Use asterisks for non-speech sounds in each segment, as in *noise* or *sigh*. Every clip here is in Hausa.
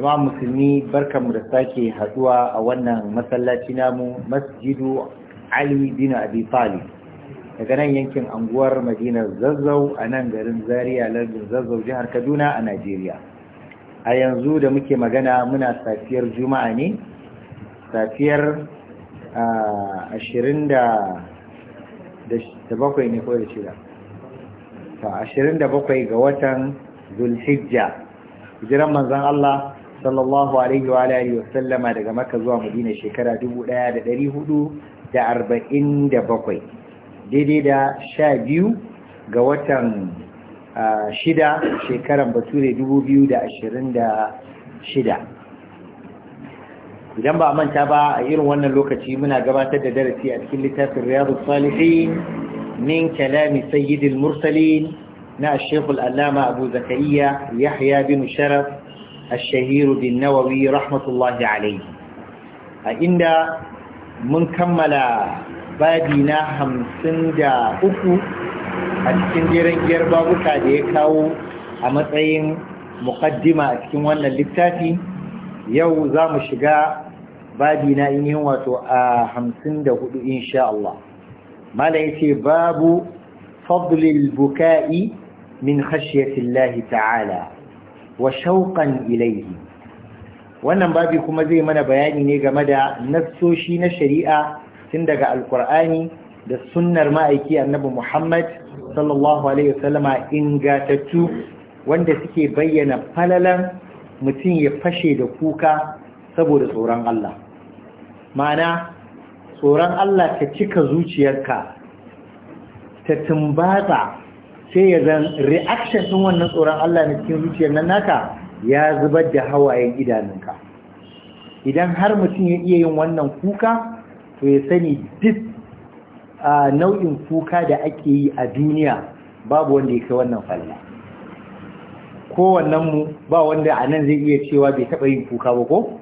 imam musulmi mu da sake haduwa a wannan masallaci namu masjidu ali bin abi talib daga nan yankin anguwar madinar zazzau a nan garin zaria lardin zazzau jihar kaduna a najeriya a yanzu da muke magana muna safiyar juma'a ne safiyar ashirin da bakwai ne ko da shida ashirin da bakwai ga watan zulhijja jiran manzan allah sallallahu alaihi wa alihi wa sallama daga Makka zuwa Madina shekara 1447 daidai da 12 ga watan shida shekaran Bature 2026 idan ba manta ba a irin wannan lokaci muna gabatar da darasi a cikin littafin Riyadus Salihin min kalami Sayyidil Mursalin na Sheikh allama Abu Zakariya Yahya bin Sharaf الشهير بالنووي رحمة الله عليه عند من كمل بابنا همسن دا أكو أتكين ديرن جربا بكا ديكاو أمتعين مقدمة أتكين وانا اللبتاتي يو زام شقاء بابنا إنه واتو همسن دا أكو إن شاء الله ما ليس باب فضل البكاء من خشية الله تعالى wa shauƙan ilaihi, wannan babi kuma zai mana bayani ne game da nassoshi na shari'a tun daga alkur'ani da sunnar ma'aiki annabi Muhammad sallallahu alaihi wasallama ingatattu wanda suke bayyana falalan mutum ya fashe da kuka saboda tsoron Allah ma'ana tsoron Allah ta cika zuciyarka ta tumbatsa sai ya zan reaction ɗin wannan tsoron Allah na cikin zuciyar nan naka ya zubar da hawaye idanunka idan har mutum ya iya yin wannan kuka to ya sani duk nau'in kuka da ake yi a duniya babu wanda ya kai wannan falla wannan mu ba wanda a nan zai iya cewa bai taɓa yin kuka ba ko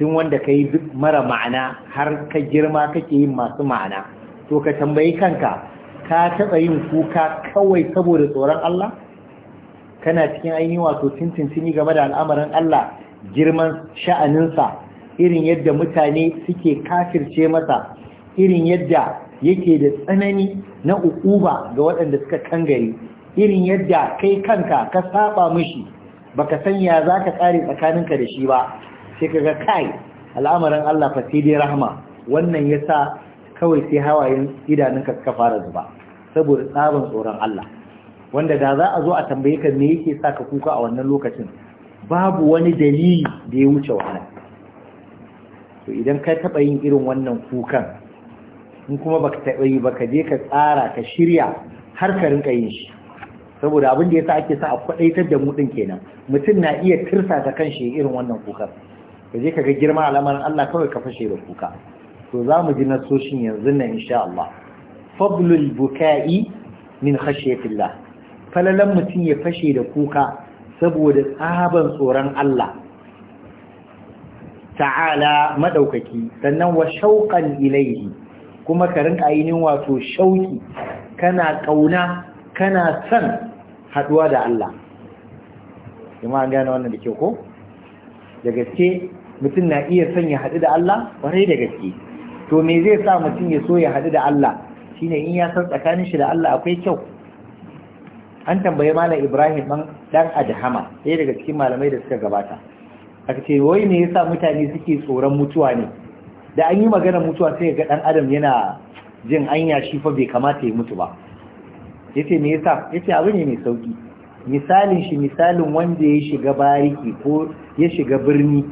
tun wanda ka yi mara ma'ana har ka girma kake yin masu ma'ana to ka tambayi kanka ka taɓa yin kuka kawai saboda tsoron Allah kana cikin ainihin wato tintintini game da al'amarin Allah girman sha'aninsa irin yadda mutane suke kafirce masa irin yadda yake da tsanani na ukuba ga waɗanda suka kangare irin yadda kai kanka ka saba mishi baka sanya za ka ƙare tsakaninka da shi ba sai kaga kai al'amarin Allah fa sai dai rahma wannan yasa kawai sai hawayen idanunka suka fara zuba saboda tsarin tsoron Allah wanda da za a zo a tambaye ka me yake sa ka kuka a wannan lokacin babu wani dalili da ya wuce wahala to idan ka taba yin irin wannan kukan in kuma baka taɓa yi baka je ka tsara ka shirya har ka rinka yin shi saboda abin da yasa ake sa a kwadaitar da mu din kenan mutum na iya tirsa ta kanshi irin wannan kukan ka je ka ga girma al'amarin Allah kawai ka fashe da kuka to za mu ji nasoshin yanzu nan insha Allah fadlul buka'i min khashyatillah falalan mutum ya fashe da kuka saboda tsaban tsoron Allah ta'ala madaukaki sannan wa shauqan ilayhi kuma ka rinka ainihin wato shauki kana kauna kana san haduwa da Allah kuma an gane wannan da ke ko da gaske mutum na iya son ya haɗu da Allah kwarai da gaske to me zai sa mutum ya so ya haɗu da Allah shine in ya san tsakanin shi da Allah akwai kyau an tambaye malam Ibrahim ɗan dan Adhama ɗaya daga cikin malamai da suka gabata aka ce wai me yasa mutane suke tsoron mutuwa ne da an yi magana mutuwa sai ga dan adam yana jin anya shi fa bai kamata ya mutu ba yace me yasa yace abu ne mai sauki misalin shi misalin wanda ya shiga bariki ko ya shiga birni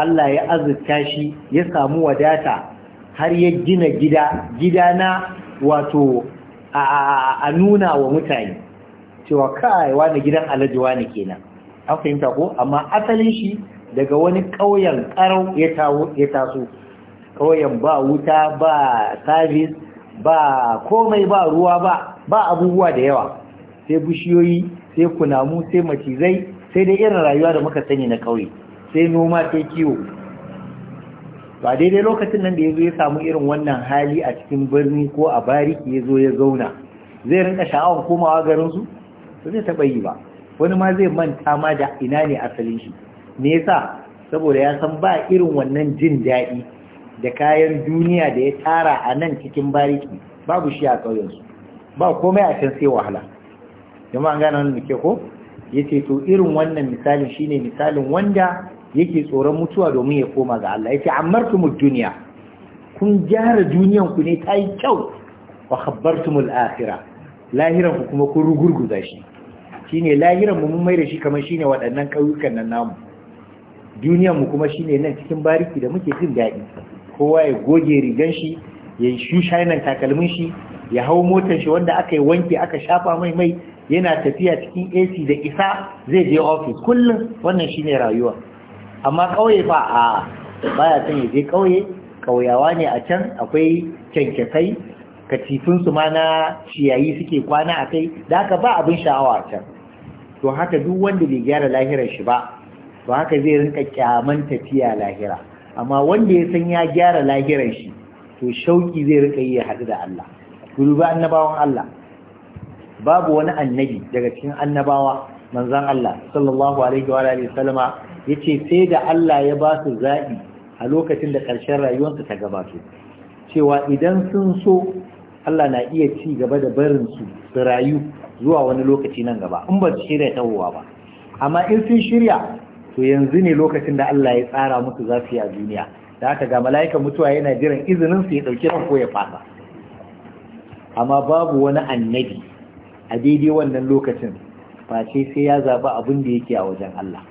Allah ya azurta shi ya samu wadata har ya gina gida gida na wato a nuna wa mutane cewa kai wani gidan alajiwa ne kenan an fahimta ko amma asalin shi daga wani ƙauyen ƙarau ya taso ƙauyen ba wuta ba sabis ba komai ba ruwa ba ba abubuwa da yawa sai bishiyoyi sai kunamu sai macizai sai dai irin rayuwa da muka sani na ƙauye sai noma sai kiwo ba daidai lokacin nan da ya zo ya samu irin wannan hali a cikin birni ko a bariki ya zo ya zauna zai rinka sha'awar komawa garinsu Su zai taɓa yi ba wani ma zai manta ma da ina ne asalin shi me yasa saboda ya san ba irin wannan jin daɗi da kayan duniya da ya tara a nan cikin bariki babu shi a ƙauyensu ba komai a can sai wahala jama'a gane wani da ko ya ce to irin wannan misalin shine misalin wanda yake tsoron mutuwa domin ya koma ga Allah yace amartumud dunya kun gyara duniyan ku ne tayi kyau wa khabbartumul akhirah lahiran ku kuma kun rugurguza shi shine lahiran mu mun mai da shi kamar shine waɗannan kauyukan nan namu duniyan mu kuma shine nan cikin bariki da muke jin daɗi kowa ya goge rigan shi ya shusha nan takalmin shi ya hau motar shi wanda aka yi wanke aka shafa mai mai yana tafiya cikin AC da isa zai je ofis kullum wannan shine rayuwa amma ƙauye fa a baya can ya je ƙauye ƙauyawa ne a can akwai kyankyasai katifinsu ma na ciyayi suke kwana a kai da haka ba abin sha'awa a can to haka duk wanda bai gyara lahirar shi ba to haka zai rinka kyaman tafiya lahira amma wanda ya san ya gyara lahirar shi to shauki zai rinka yi ya haɗu da Allah ku duba annabawan Allah babu wani annabi daga cikin annabawa manzon Allah sallallahu alaihi wa alihi sallama ya ce sai da Allah ya ba su zaɓi a lokacin da ƙarshen rayuwarsu ta gabato cewa idan sun so Allah na iya ci gaba da barin su su rayu zuwa wani lokaci nan gaba in ba su shirya tawowa ba amma in sun shirya to yanzu ne lokacin da Allah ya tsara musu za su yi a duniya da haka ga mala'ika mutuwa yana jiran izinin su ya ɗauki ran ko ya fasa amma babu wani annabi a daidai wannan lokacin face sai ya zaɓi abin da yake a wajen Allah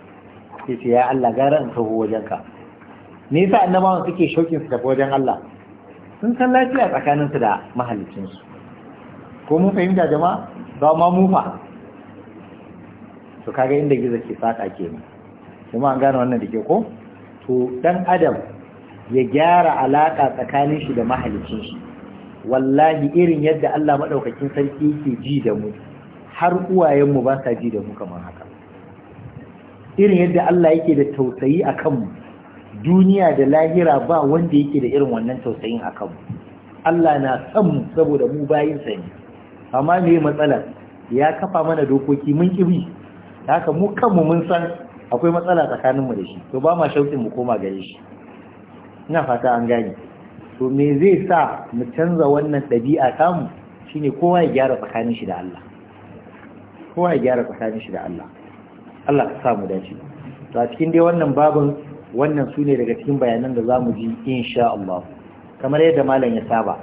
sai ce ya Allah gara in taho wajenka me yasa annabawan suke shaukin su tafi wajen Allah sun san lafiya tsakanin su da mahallicin su ko mun fahimta jama'a ba ma mu fa to kaga inda gizo ke saka kenan kuma an gane wannan da ke ko to dan adam ya gyara alaka tsakanin shi da mahallicin shi wallahi irin yadda Allah madaukakin sarki yake ji da mu har uwayenmu ba sa ji da mu kamar haka irin yadda Allah yake da tausayi a kanmu duniya da lahira ba wanda yake da irin wannan tausayin a kanmu Allah na sanmu saboda mu bayinsa ne amma me matsala ya kafa mana dokoki mun kibi haka mu kanmu mun san akwai matsala tsakaninmu da shi to ba ma shauƙin mu koma gare shi ina fata an gane to me zai sa mu canza wannan ɗabi'a tamu shine kowa ya gyara tsakanin shi da Allah kowa ya gyara tsakanin shi da Allah Allah ka samu dace to a cikin dai wannan babin wannan su ne daga cikin bayanan da zamu ji insha Allah kamar yadda malam ya saba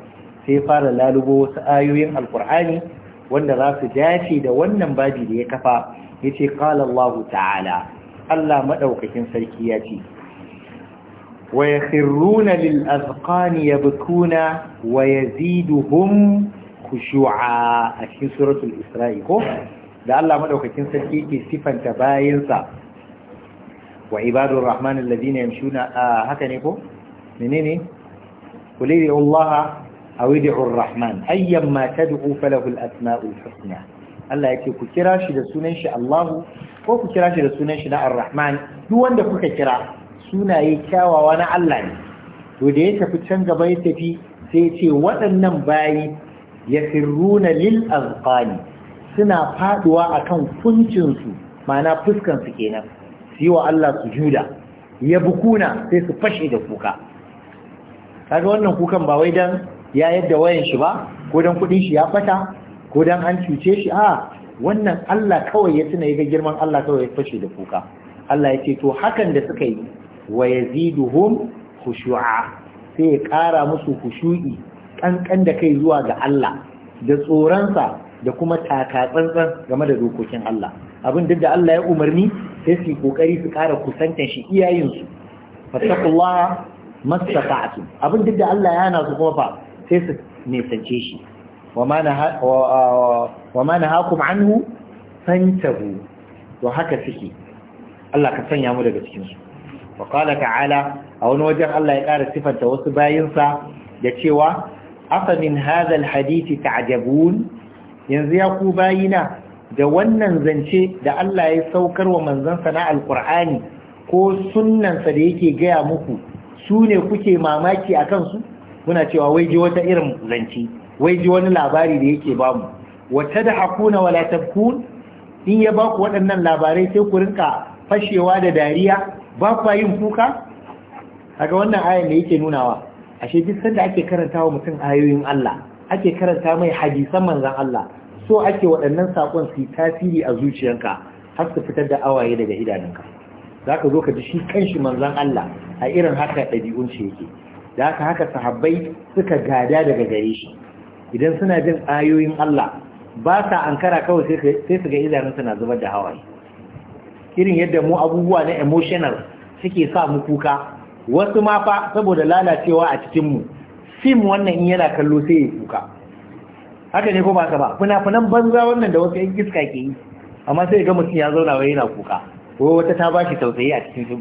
sai fara lalubo wasu ayoyin alkur'ani wanda za su dace da wannan babi da ya kafa yace qala Allah ta'ala Allah maɗaukakin sarki ya ce wa yakhruna lil azqani yabkuna wa yaziduhum khushu'a a cikin suratul isra'i ko da Allah madaukakin sarki ke sifanta bayinsa wa ibadur rahman alladhina yamshuna haka ne ko menene qul Allah aw id'u rahman ayyamma tad'u falahu al asma'u husna Allah ce ku kira shi da sunan shi Allahu ko ku kira shi da sunan shi na Ar-Rahman duk wanda kuka kira sunaye kyawawa na Allah ne to da ya tafi can gaba ya tafi sai ya ce waɗannan bayi yafirruna lil azqani suna faduwa a akan kuncinsu ma'ana fuskansu kenan su yi wa Allah juda, ya bukuna sai su fashe da kuka kaga wannan kukan ba wai don ya yadda wayan shi ba ko don kudin shi ya fata ko don an cuce shi a wannan Allah kawai ya tuna ga girman Allah kawai ya fashe da kuka Allah ya ce to hakan da suka yi wa yaziduhum khushu'a sai ya kara musu khushu'i kankan da kai zuwa ga Allah da tsoronsa da kuma taka tsantsan game da dokokin Allah abin duk da Allah ya umarni sai su kokari su ƙara kusanta shi iyayensu fattakullaha mastata'tu abin duk da Allah ya hana su kuma fa sai su nisance shi wa ma nahakum anhu fantahu to haka suke Allah ka sanya mu daga cikin su wa qala ta'ala a wani wajen Allah ya ƙara sifanta wasu bayinsa da cewa afa min hadha alhadith ta'jabun yanzu ya ku bayina da wannan zance da Allah ya saukar wa manzansa na alkur'ani ko sunnansa da yake gaya muku sune kuke mamaki a kansu Muna cewa wai ji wata irin zance wai ji wani labari da yake bamu wata da hakuna wala tabkun in ya baku waɗannan labarai sai ku rinka fashewa da dariya ba ku yin kuka kaga wannan ayan da yake nunawa ashe duk sanda ake karantawa wa mutum ayoyin Allah ake karanta mai hadisan manzan Allah so ake waɗannan saƙon su tasiri a zuciyanka har su fitar da awaye daga idanunka za ka zo ka ji shi kanshi manzan Allah a irin haka ɗabi'un shi yake da haka haka sahabbai suka gada daga gare shi idan suna jin ayoyin Allah ba sa ankara kawai sai su ga idanunsa na zubar da hawaye irin yadda mu abubuwa na emotional suke sa mu kuka wasu ma fa saboda lalacewa a cikin mu fim wannan in yana kallo sai ya kuka haka ne ko ba ka ba funafunan banza wannan da wasu yan iska ke yi amma sai ga mutum ya zauna wai yana kuka ko wata ta shi tausayi a cikin fim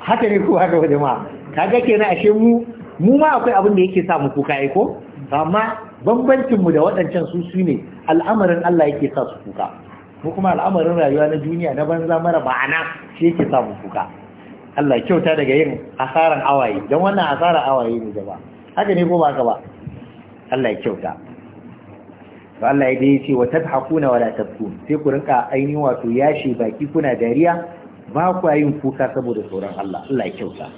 haka ne ko haka jama'a kaga kenan ashe mu mu ma akwai abin da yake sa mu kuka ai ko amma bambancin mu da waɗancan su su ne al'amarin Allah yake sa su kuka ko kuma al'amarin rayuwa na duniya na banza mara ba'ana shi yake sa mu kuka Allah kyauta daga yin asaran awaye don wannan asaran awaye ne gaba, haka ne ko ba ka ba Allah kyauta to Allah ya dai ce wa tadhakuna wala tabkun sai ku rinka ainihin wato yashi baki kuna dariya ba ku yin kuka saboda tsoron Allah Allah kyauta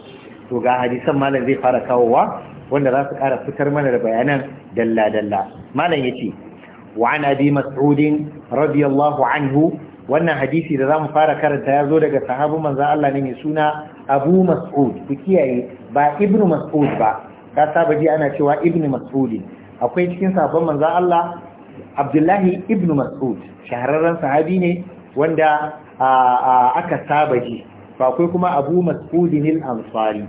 to ga hadisan malam zai fara kawowa wanda za su ƙara fitar mana da bayanan dalla dalla malam yace wa an abi mas'ud radiyallahu anhu wannan hadisi da za mu fara karanta ya zo daga sahabu manzon Allah ne mai suna Abu Mas'ud ku kiyaye ba Ibn Mas'ud ba ka saba ji ana cewa Ibn Mas'ud akwai cikin sahabban manzon Allah Abdullahi Ibn Mas'ud shahararren sahabi ne wanda aka saba ji ba akwai kuma Abu Mas'ud al-Ansari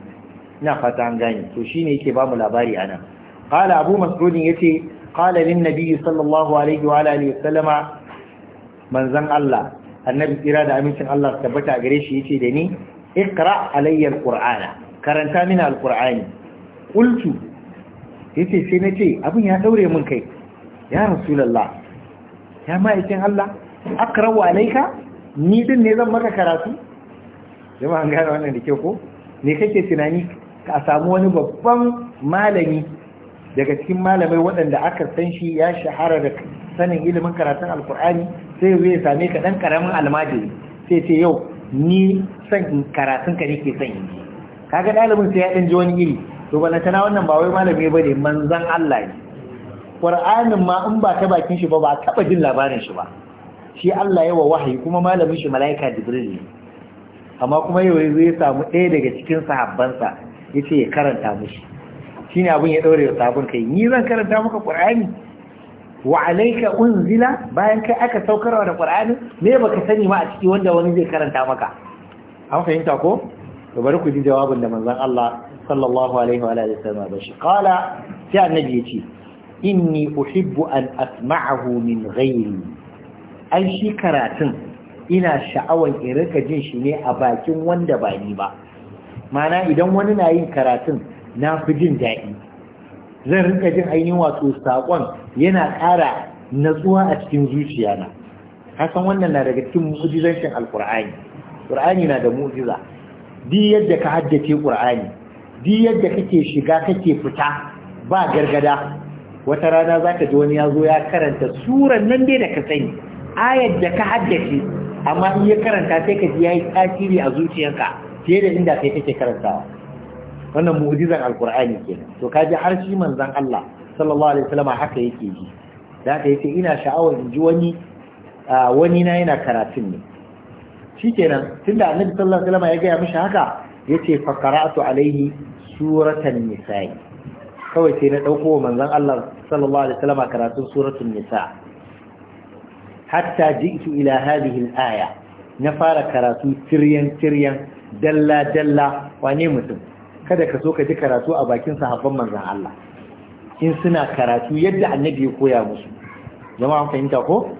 ina fata an gane to shine yake ba mu labari anan qala Abu Mas'ud yace qala lin nabiy sallallahu alaihi wa alihi wasallama manzon Allah annabi tsira da amincin Allah tabbata gare shi yace da ni iqra alayya alqur'ana karanta mini alqur'ani qultu yace sai nace abin ya daure mun kai ya rasulullah ya ma'aikin Allah akrawu alayka ni din ne zan maka karatu jama'a an gane wannan da ko ne kake tunani ka samu wani babban malami daga cikin malamai waɗanda aka san shi ya shahara da sanin ilimin karatun alkur'ani sai zai same ka dan karamin almajiri sai ce yau ni son karatun ka nake son in ji kaga dalibin sai ya dan ji wani iri to bana tana wannan ba wai malami bane manzon Allah ne Qur'anin ma in ba ta bakin shi ba ba taba jin labarin shi ba shi Allah wa wahayi kuma malamin shi mala'ika Jibril ne amma kuma yau zai samu ɗaya daga cikin sahabbansa yace ya karanta mushi shine abin ya daure wa sabon kai ni zan karanta maka Qur'ani wa alaika unzila bayan kai aka saukarwa da qur'ani me baka sani ma a ciki wanda wani zai karanta maka an fahimta ko to bari ku ji jawabin da manzon Allah sallallahu alaihi wa alihi wasallam ba shi qala sai annabi yace inni uhibbu an asma'ahu min ghairi an shi karatun ina sha'awan in rika jin shi ne a bakin wanda ba ni ba mana idan wani na yin karatun na fi jin daɗi zan rinka jin ainihin wato saƙon yana ƙara natsuwa a cikin zuciya na kasan wannan na daga cikin mu'jizancin alƙur'ani ƙur'ani na da mu'jiza di yadda ka haddace ƙur'ani di yadda kake shiga kake fita ba gargada wata rana za ka ji wani ya zo ya karanta suran nan dai da ka sani ayar da ka haddace amma in ya karanta sai ka ji ya yi tasiri a zuciyarka fiye da inda kai kake karantawa wannan mu'jizan alkur'ani kenan to kaji har shi manzon Allah sallallahu alaihi wasallam haka yake ji da haka yace ina sha'awar in ji wani wani na yana karatun ne shikenan tunda annabi sallallahu alaihi wasallam ya gaya mishi haka yace fa qara'tu alaihi suratan nisa'i kawai sai na dauko manzon Allah sallallahu alaihi wasallam karatun suratul nisa hatta ji'tu ila hadhihi al-aya na fara karatu tiryan tiryan dalla dalla wane mutum kada ka so ka ji karatu a bakin sahabban manzan Allah in suna karatu yadda annabi ya koya musu jama'a fahimta ko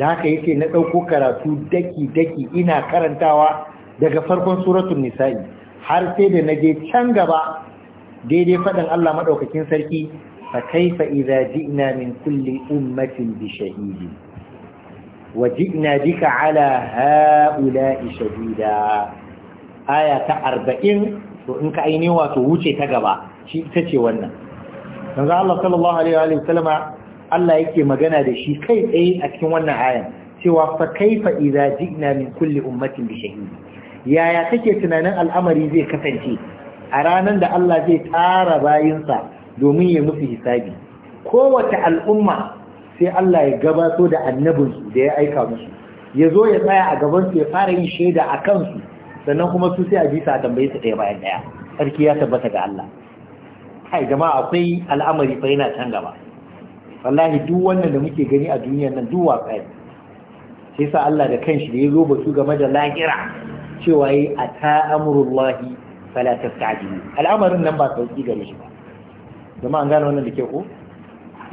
da haka yake na ɗauko karatu daki-daki ina karantawa daga farkon suratun nisa'i har sai da na je can gaba daidai faɗin Allah maɗaukakin sarki fa kaifa idza ji'na min kulli ummatin bi shahidi wa ji'na bika ala ha'ula'i shahida aya ta arba'in to in ka aini wato wuce ta gaba shi ita ce wannan yanzu Allah sallallahu alaihi wa sallam Allah yake magana da shi kai tsaye a cikin wannan ayan cewa fa kaifa idza ji'na min kulli ummatin bi shahid yaya kake tunanin al'amari zai kasance a ranar da Allah zai tara bayinsa domin ya musu hisabi kowace al'umma sai Allah ya gabato da annabinsu da ya aika musu ya zo ya tsaya a gabansu ya fara yin shaida a kansu sannan kuma su sai a ji sa tambaye su ɗaya bayan ɗaya sarki ya tabbata ga Allah kai jama'a akwai al'amari fa yana can gaba wallahi duk wannan da muke gani a duniyar nan duk waƙa sai sa Allah da kanshi da ya zo batu game da lahira cewa yi a ta'amurullahi fala tastajibu al'amarin nan ba sauki gare shi ba jama'a an gane wannan da ke ko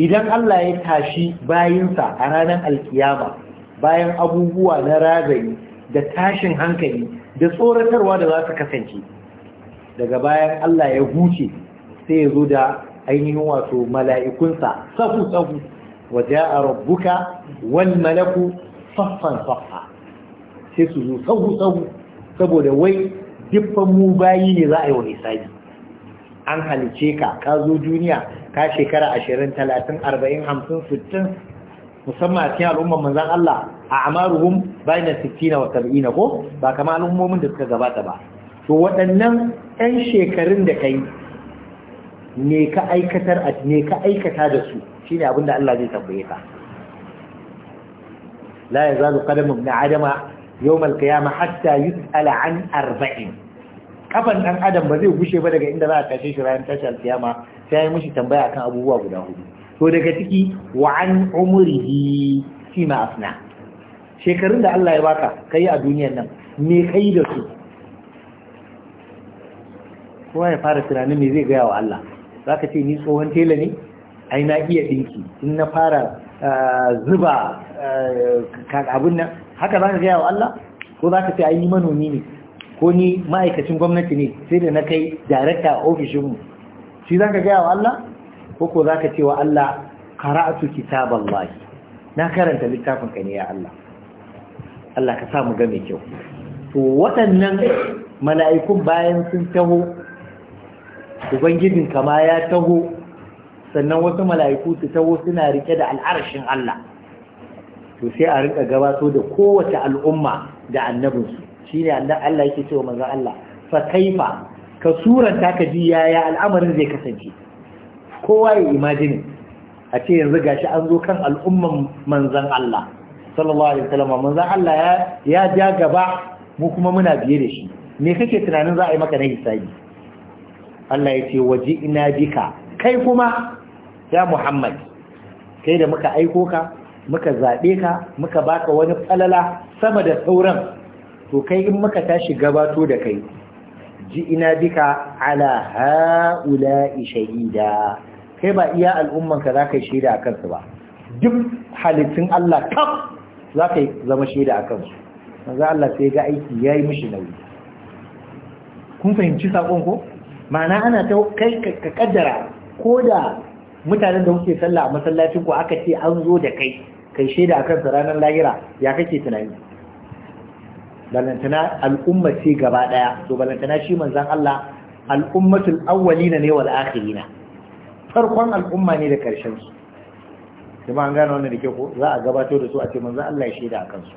idan Allah ya tashi bayinsa a ranar alkiyama bayan abubuwa na ragayi da tashin hankali da tsoratarwa da za su kasance daga bayan Allah ya huce sai ya zo da ainihin wato mala'ikunsa safu safu waje a rabbuka wal malaku saffan saffa sai su zo safu safu saboda wai dukkan mu bayi ne za a yi wa hisabi an halice ka ka zo duniya ka shekara ashirin talatin arba'in hamsin sittin musamman a cikin al'ummar manzan Allah a amaruhum bayan 60 wa 70 ko ba kama al'ummomin da suka gabata ba to waɗannan 'yan shekarun da kai ne ka aikatar a ne ka aikata da su shine abin da Allah zai tambaye ka la yazalu qadamu adama yawm al-qiyamah hatta yus'ala an arba'in kafan ɗan adam ba zai gushe ba daga inda za a tashe shi ranar tashar kiyama sai ya mishi tambaya akan abubuwa guda hudu to daga ciki wa an umrihi fi ma shekarun da Allah ya baka kai a duniyar nan me kai da su kowa ya fara tunanin me zai gaya wa Allah zaka ce ni tsohon tela ne ai na iya dinki in na fara eh, zuba eh, abun nan haka za ka gaya wa Allah ko za ka ce ai manomi ne ko ni ma'aikacin gwamnati ne sai da na kai darakta a ofishinmu shi za ka gaya wa Allah koko za ka ce wa Allah kara'atu kitabar lahi na karanta littafin ka ne ya Allah Allah ka samu ga mai kyau to watannan mala'ikun bayan sun taho ubangijin kama ya taho sannan wasu mala'iku su taho suna rike da al'arashin Allah to sai a rika gabato da kowace al'umma da annabinsu shine Allah yake cewa manzon Allah fa kaifa ka suranta ka ji yaya al'amarin zai kasance kowa ya imajini a ce yanzu gashi an zo kan al'umman manzan Allah sallallahu alaihi wasallam manzan Allah ya ya ja gaba mu kuma muna biye da shi me kake tunanin za a yi maka na hisabi Allah ya ce waji ina bika kai kuma ya Muhammad kai da muka aiko ka muka zaɓe ka muka baka wani falala sama da sauran to kai in muka tashi gabato da kai ji ina bika ala ha'ula'i shahida kai ba iya al'umman ka zaka yi shaida a kansu ba duk halittun Allah kaf yi zama shaida a kansu. za Allah sai ga aiki ya yi mishi nauyi kun fahimci sakon ko ma'ana ana ta kai ka kaddara ko da mutanen da kuke sallah a masallacin ku aka ce an zo da kai kai shaida a kansu ranar lahira ya kake tunani balantana al'umma ce gaba daya to balantana shi manzan Allah al'ummatul awwalina ne wal akhirina farkon al'umma ne da ƙarshen su kuma an gane wannan da ke ko za a gabato da su a ce manzo Allah ya shaida a kansu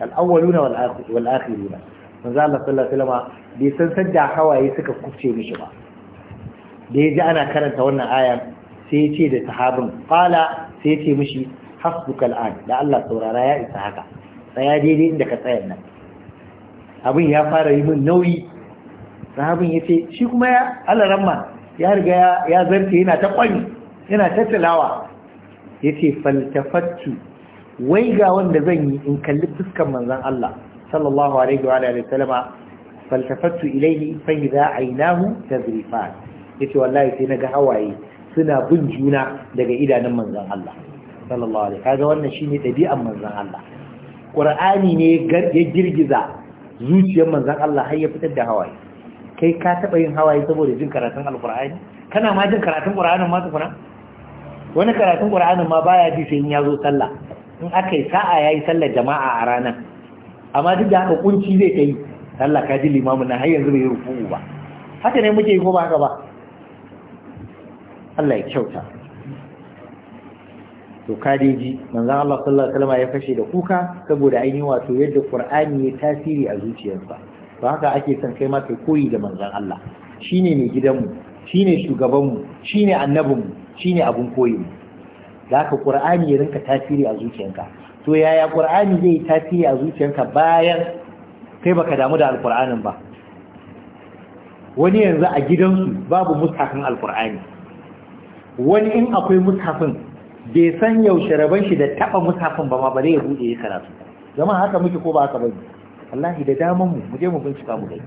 al-awwaluna wal akhiruna manzo Allah sallallahu alaihi wasallam bai san sadda hawaye suka kufce mishi ba da ya ana karanta wannan aya sai ya ce da sahabin fala sai ya ce mishi hasbukal an da Allah saurara ya isa haka tsaya daidai inda ka tsaya nan abin ya fara yi min nauyi sahabin ya ce shi kuma ya ramma. ya riga ya zarce yana ta kwani yana ta tilawa ce faltafattu wai ga wanda zan yi in kalli fuskan manzan Allah sallallahu alaihi wa salama alihi wasallama faltafattu ilayhi fa ta aynahu Ya ce wallahi sai na ga hawaye suna bin juna daga idanun manzan Allah sallallahu alaihi kaga wannan shine ɗabi'an manzan Allah Qur'ani ne ya girgiza zuciyar manzan Allah har ya fitar da hawaye kai ka taɓa yin hawaye saboda jin karatun alkur'ani kana ma jin karatun qur'anin ma tukuna wani karatun qur'anin ma baya ji sai in ya zo sallah in aka yi sa'a ya yi sallar jama'a a ranar amma duk da haka kunci zai kai sallah ka ji limamin na har yanzu bai rufu ba haka ne muke yi ko ba haka ba Allah ya kyauta to kadeji manzon Allah sallallahu alaihi wasallam ya fashe da kuka saboda ainihin wato yadda Qur'ani ya tasiri a zuciyarsa ba haka ake son kai ma kai koyi da manzon Allah shine mai gidanmu shine shugabanmu shine annabinmu shine abun mu da haka qur'ani ya rinka tasiri a zuciyanka to yaya qur'ani zai tasiri a zuciyarka bayan kai baka damu da alqur'anin ba wani yanzu a gidansu babu mushafin alqur'ani wani in akwai mushafin bai san yaushe rabon shi da taba mushafin ba ma bare ya bude ya karatu zama haka muke ko ba haka bane wallahi da daman mu muje mu bincika mu gani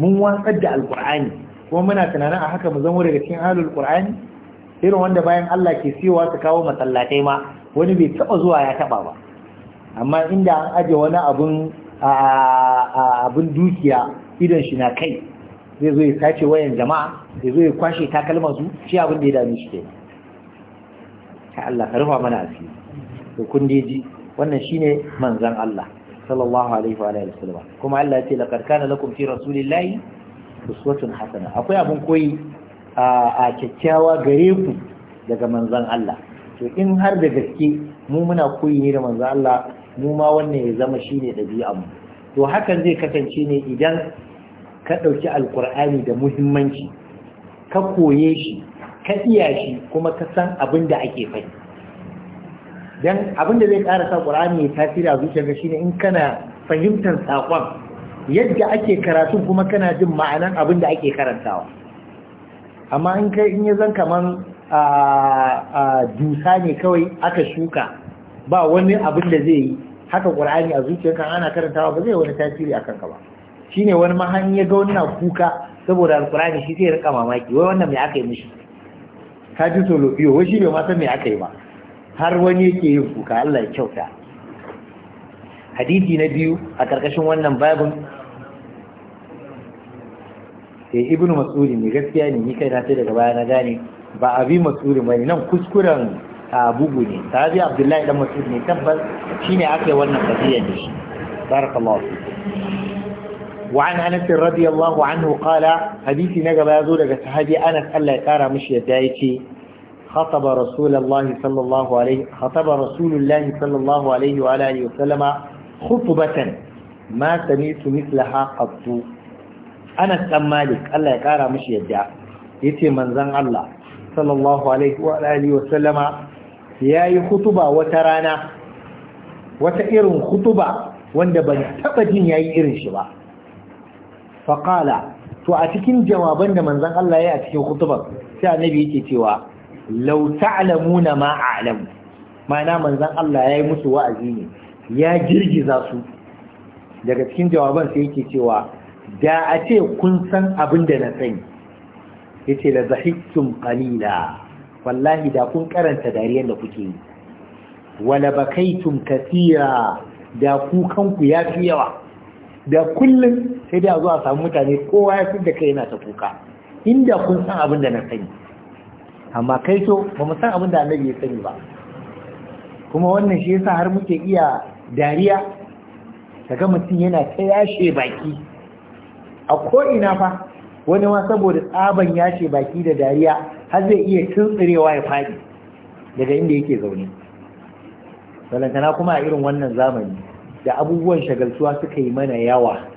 mun watsar da alqur'ani kuma muna tunanin a haka mu zama daga cikin halul qur'ani irin wanda bayan Allah ke siyowa su kawo masallatai ma wani bai taba zuwa ya taba ba amma inda an aje wani abun abun dukiya idan shi na kai zai zo ya sace wayan jama'a zai zo ya kwashe takalman su shi abin da ya dame shi kenan Allah ka rufa mana asiri to kun ji wannan shine manzon Allah sallallahu alaihi wa alihi kuma Allah ya ce "La karkana lakum fi rasulillahi uswatun hasana akwai abun koyi a kyakkyawa gare ku daga manzon Allah to in har da gaske mu muna koyi ne da manzon Allah mu ma wannan ya zama shine dabi'a mu to hakan zai kasance ne idan ka dauki alqur'ani da muhimmanci ka koye shi ka iya shi kuma ka san abin da ake fahimta dan abin da zai ƙara sa Qur'ani ya tasiri a zuciyarka shine in kana fahimtar saƙon yadda ake karatu kuma kana jin ma'anan abin da ake karantawa amma in kai in ya zan kaman a dusa ne kawai aka shuka ba wani abin da zai yi haka ƙur'ani a zuciyarka ana karantawa ba zai wani tasiri a kanka ba shine wani mahan ya ga wannan kuka saboda alƙur'ani shi zai ya rika mamaki wai wannan me aka yi mishi ka ji solo wai shi ma san me aka yi ba har wani yake yin kuka Allah ya kyauta hadisi na biyu a ƙarƙashin wannan babin sai eh, Ibn mas'udi ne gaskiya ne ni kai na sai daga baya na gane ba abi mas'udi bane nan kuskuren abubu ne sahabi abdullahi dan mas'udi ne tabbas shine aka yi wannan qadiya ne barakallahu fi وعن انس رضي الله عنه قال حديث نجا بازو daga sahabi Anas Allah ya kara mishi yadda yake خطب رسول الله صلى الله عليه خطب رسول الله صلى الله عليه وعلى اله وسلم خطبة ما سمعت مثلها قط أنا بن مالك الله يقرا مش يدعى يتي منزن الله صلى الله عليه وعلى اله وسلم yayi khutuba wata rana wata irin khutuba wanda ban taba jin yayi irin shi ba faqala to a cikin jawaban da manzon Allah ya yi a cikin khutubar sai annabi yake cewa law ta'lamuna ma a'lamu mana manzon Allah ya yi musu wa'azi ne ya girgiza su daga cikin jawaban sai yake cewa da a ce kun san abin da na sani yace la zahiktum qalila wallahi da kun karanta dariyar da kuke yi wala bakaitum kathira da ku kanku fi yawa da kullum sai da zuwa samu mutane kowa ya da kai yana ta kuka inda kun san abin da na sani amma kai to ba mu san abin da annabi ya sani ba kuma wannan shi yasa har muke iya dariya daga mutum yana ta yashe baki a ko'ina fa wani ma saboda tsaban yashe baki da dariya har zai iya tuntsirewa ya fadi daga inda yake zaune balantana kuma a irin wannan zamani da abubuwan shagaltuwa suka yi mana yawa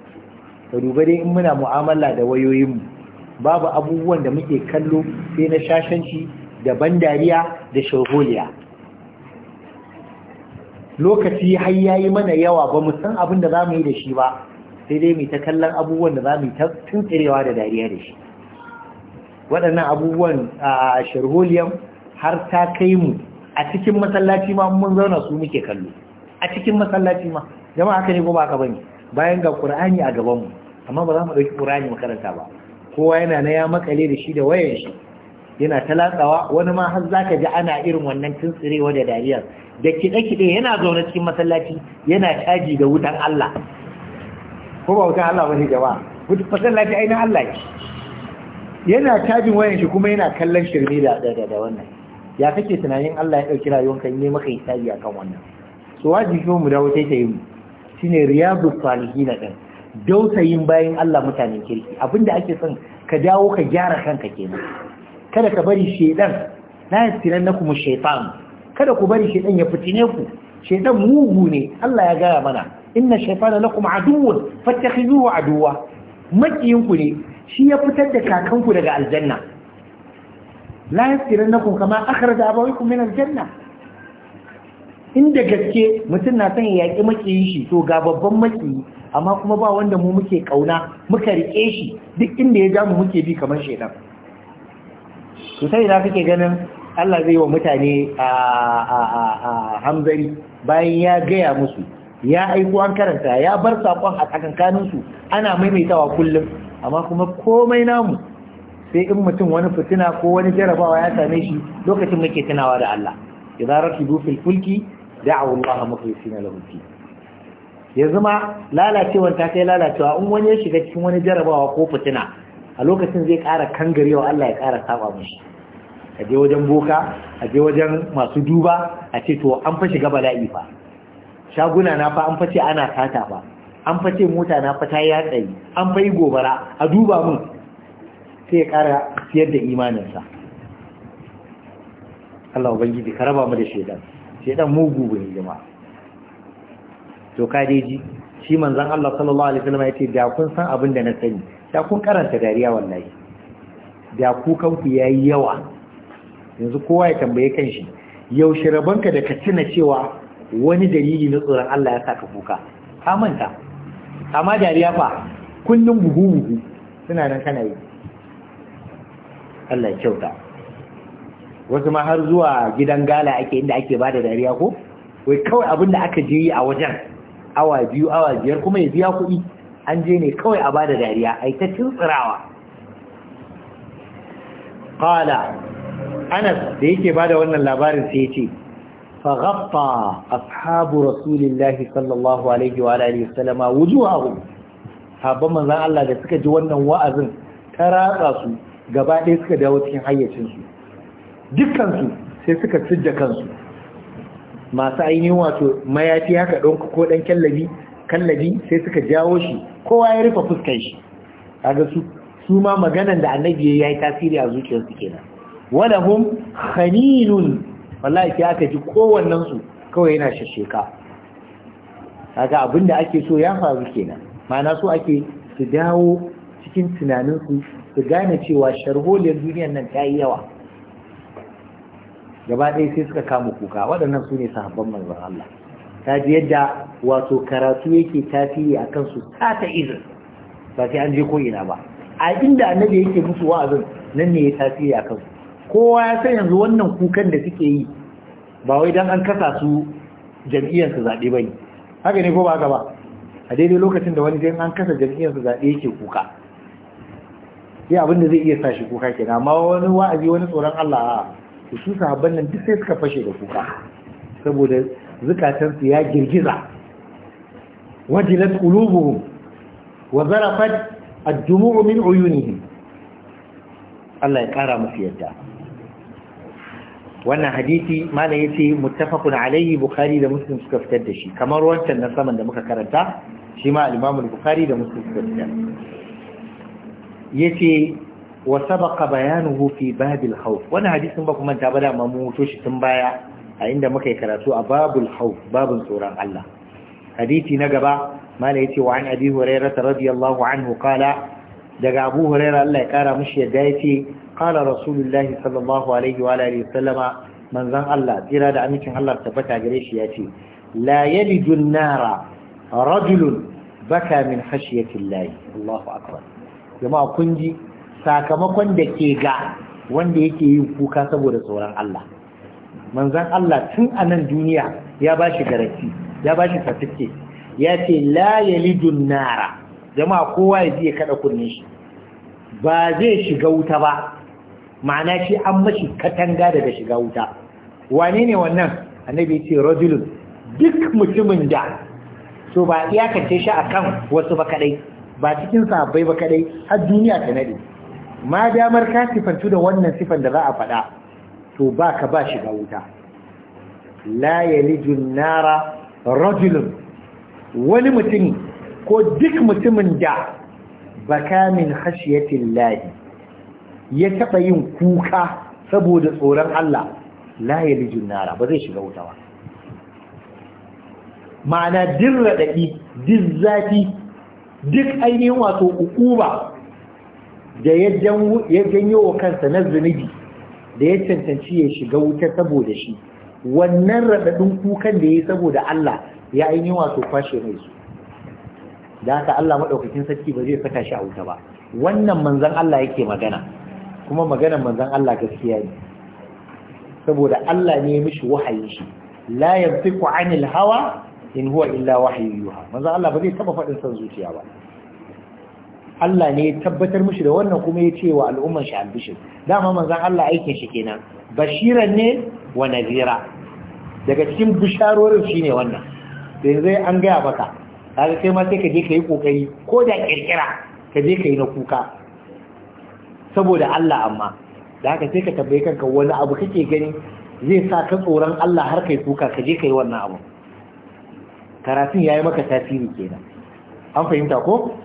Ka duba dai in muna mu'amala da wayoyinmu babu abubuwan da muke kallo sai na shashanci da bandariya da sharholiya. lokaci har yayi mana yawa ba mu san abin da za mu yi da shi ba sai dai mu ta kallon abubuwan da za mu yi ta tuntsirewa da dariya da shi waɗannan abubuwan a sharholiyan har ta kai mu a cikin masallaci ma mun zauna su muke kallo a cikin masallaci ma jama'a haka ne ko ba haka bane bayan ga qur'ani a gaban mu amma ba za mu ɗauki qur'ani makaranta ba kowa yana na ya makale da shi da wayar shi yana talatsawa wani ma har za ka ji ana irin wannan tuntsirewa da dariyar da kiɗe-kiɗe yana zaune cikin masallaci yana caji da wutan Allah ko ba wutan Allah wani jama'a wutan masallaci ainihin Allah ne yana cajin wayan shi kuma yana kallon shirme da da wannan ya kake tunanin Allah ya ɗauki rayuwar ka ne maka hisabi kan wannan so wajibi mu dawo ta yi mu shine riyadu salihin din dausayin bayan Allah mutanen kirki abinda ake son ka dawo ka gyara kanka kenan kada ka bari shedan na kuma shaitan kada ku bari shedan ya fitine ku shedan mugu ne Allah ya gaya mana inna shaitana lakum aduwwun fattakhizuhu aduwwa makiyin ku ne shi ya fitar da kakanku daga aljanna la yastirannakum kama akhraja abawaykum min aljanna inda gaske mutum na san ya yaƙi makiyin shi to ga babban makiyi amma kuma ba wanda mu muke kauna muka rike shi duk inda ya ja mu muke bi kamar shedan to sai da kake ganin Allah zai wa mutane a a hamzari bayan ya gaya musu ya aiko an karanta ya bar sakon a tsakankanin su ana maimaitawa kullum amma kuma komai namu sai in mutum wani fitina ko wani jarabawa ya same shi lokacin muke tunawa da Allah idza rakibu fil fulki da'u Allah mukhlisina lahu din yanzu ma lalacewan ta kai lalacewa in wani ya shiga cikin wani jarabawa ko fitina a lokacin zai kara kangarewa Allah ya kara saba mishi a je wajen boka a je wajen masu duba a ce to an fa shiga bala'i fa shaguna na fa an fa ce ana sata fa an fa ce mota na fa ta yi hatsari an fa yi gobara a duba mun sai ya ƙara siyar da imaninsa Allah ubangiji ka raba mu da shedan shedan mugu ne jama'a to ka dai ji shi manzon Allah sallallahu alaihi wasallam yace da kun san abin da na sani da kun karanta dariya wallahi da ku kanku yayi yawa yanzu kowa ya tambaye kanshi yau shirabanka da ka tuna cewa wani dalili na tsoron Allah ya saka kuka ka manta amma dariya fa kullun buhu buhu suna nan kana yi Allah ya kyauta wasu ma har zuwa gidan gala ake inda ake bada dariya ko wai kawai abin da aka je yi a wajen awa biyu awa biyar kuma ya biya kuɗi an je ne kawai a bada dariya ai ta tsirawa qala anas da yake bada wannan labarin sai ya ce fa ashabu rasulillahi sallallahu alaihi wa alihi wasallama wujuhahum habban manzon Allah da suka ji wannan wa'azin ta ratsa su gaba ɗaya suka dawo cikin hayyacinsu. Dukkansu sai suka sujja kansu masu ainihin wato mayafi haka don ko dan kyallabi kallabi sai suka jawo shi kowa ya rufe fuskan shi kaga su su ma maganan da annabi ya yi tasiri a zuciyarsu kenan walahum khaninun wallahi sai aka ji kowannen su kawai yana shasheka kaga da ake so ya faru kenan mana so ake su dawo cikin tunanin su su gane cewa sharholiyar duniyar nan ta yi yawa gaba ɗaya sai suka kama kuka waɗannan su ne sahabban manzon Allah ta ji yadda wato karatu yake tafiye a kansu ta ta izin ba sai an je ko ina ba a inda annabi yake musu wa'azin nan ne ya tasiri a kansu kowa ya san yanzu wannan kukan da suke yi ba wai dan an kasa su jam'iyyar su zaɓe ne. haka ne ko ba haka ba a daidai lokacin da wani dan an kasa jam'iyyar su zaɓe yake kuka sai abin da zai iya sa shi kuka kenan amma wani wa'azi wani tsoron Allah a'a su su sahabban nan duk sai suka fashe da kuka saboda zukatansu ya girgiza wajilat qulubuhum wa zarafat ad-dumu'u min uyunihim Allah ya kara musu yadda wannan hadisi malam yace muttafaqun alayhi bukhari da muslim suka fitar da shi kamar wancan na saman da muka karanta shi ma al-imam al-bukhari da muslim suka fitar yace wa sabaqa bayanuhu fi babil khawf wannan hadisin ba kuma ta bada mu to shi tun baya a inda muka yi karatu a babul khawf babun tsoron Allah hadisi na gaba mala yace wa an abi radiyallahu anhu qala daga abu hurairah Allah ya kara mishi yadda yace Kala rasulullahi sallallahu alaihi wa alihi wasallama manzon Allah tsira da amincin Allah tabbata gare shi yace la yalidu an-nara baka min khashyati Allah Allahu akbar jama'a kun ji sakamakon da ke ga wanda yake yi kuka saboda tsoron Allah manzan Allah tun a nan duniya ya ba shi garanti ya ba shi ya ce laye yalidun nara jama'a kowa ya je kada kunne shi ba zai shiga wuta ba ma'ana shi an mashi katanga daga shiga wuta wane ne wannan annabi ce rajulun duk mutumin da so ba iyakace shi a kan wasu ba kadai ba cikin sabai ba kadai har duniya ta nade ma damar ka sifantu da wannan sifan da za a faɗa to ba ka ba shiga wuta la yalijun nara rajulun wani mutum ko duk mutumin da baka min khashiyatin lahi ya taɓa yin kuka saboda tsoron Allah la yalijun nara ba zai shiga wuta ba ma'ana din raɗaɗi duk zafi duk ainihin wato ukuba da ya janyo wa kansa na zunubi da ya cancanci ya shiga wuta saboda shi wannan raɗaɗin kukan da ya yi saboda Allah ya yi to kwashe mai su da haka Allah maɗaukakin sarki ba zai saka shi a wuta ba wannan manzan Allah yake magana kuma maganar manzan Allah gaskiya ne saboda Allah ne ya mishi wahayi shi la yantiqu anil hawa in huwa illa wahyu yuha manzan Allah ba zai taba faɗin san zuciya ba Allah ne ya tabbatar mushi da wannan kuma ya ce wa al'umman shi albishir dama manzan Allah aikin shi kenan bashiran ne wa nazira daga cikin bisharorin shi ne wannan da yanzu an gaya baka kaga kai ma sai ka je ka yi kokari ko da kirkira ka je ka yi na kuka saboda Allah amma da haka sai ka tabbai kanka wani abu kake gani zai sa ka tsoron Allah har ka yi kuka ka je ka yi wannan abu karatun ya yi maka tasiri kenan an fahimta ko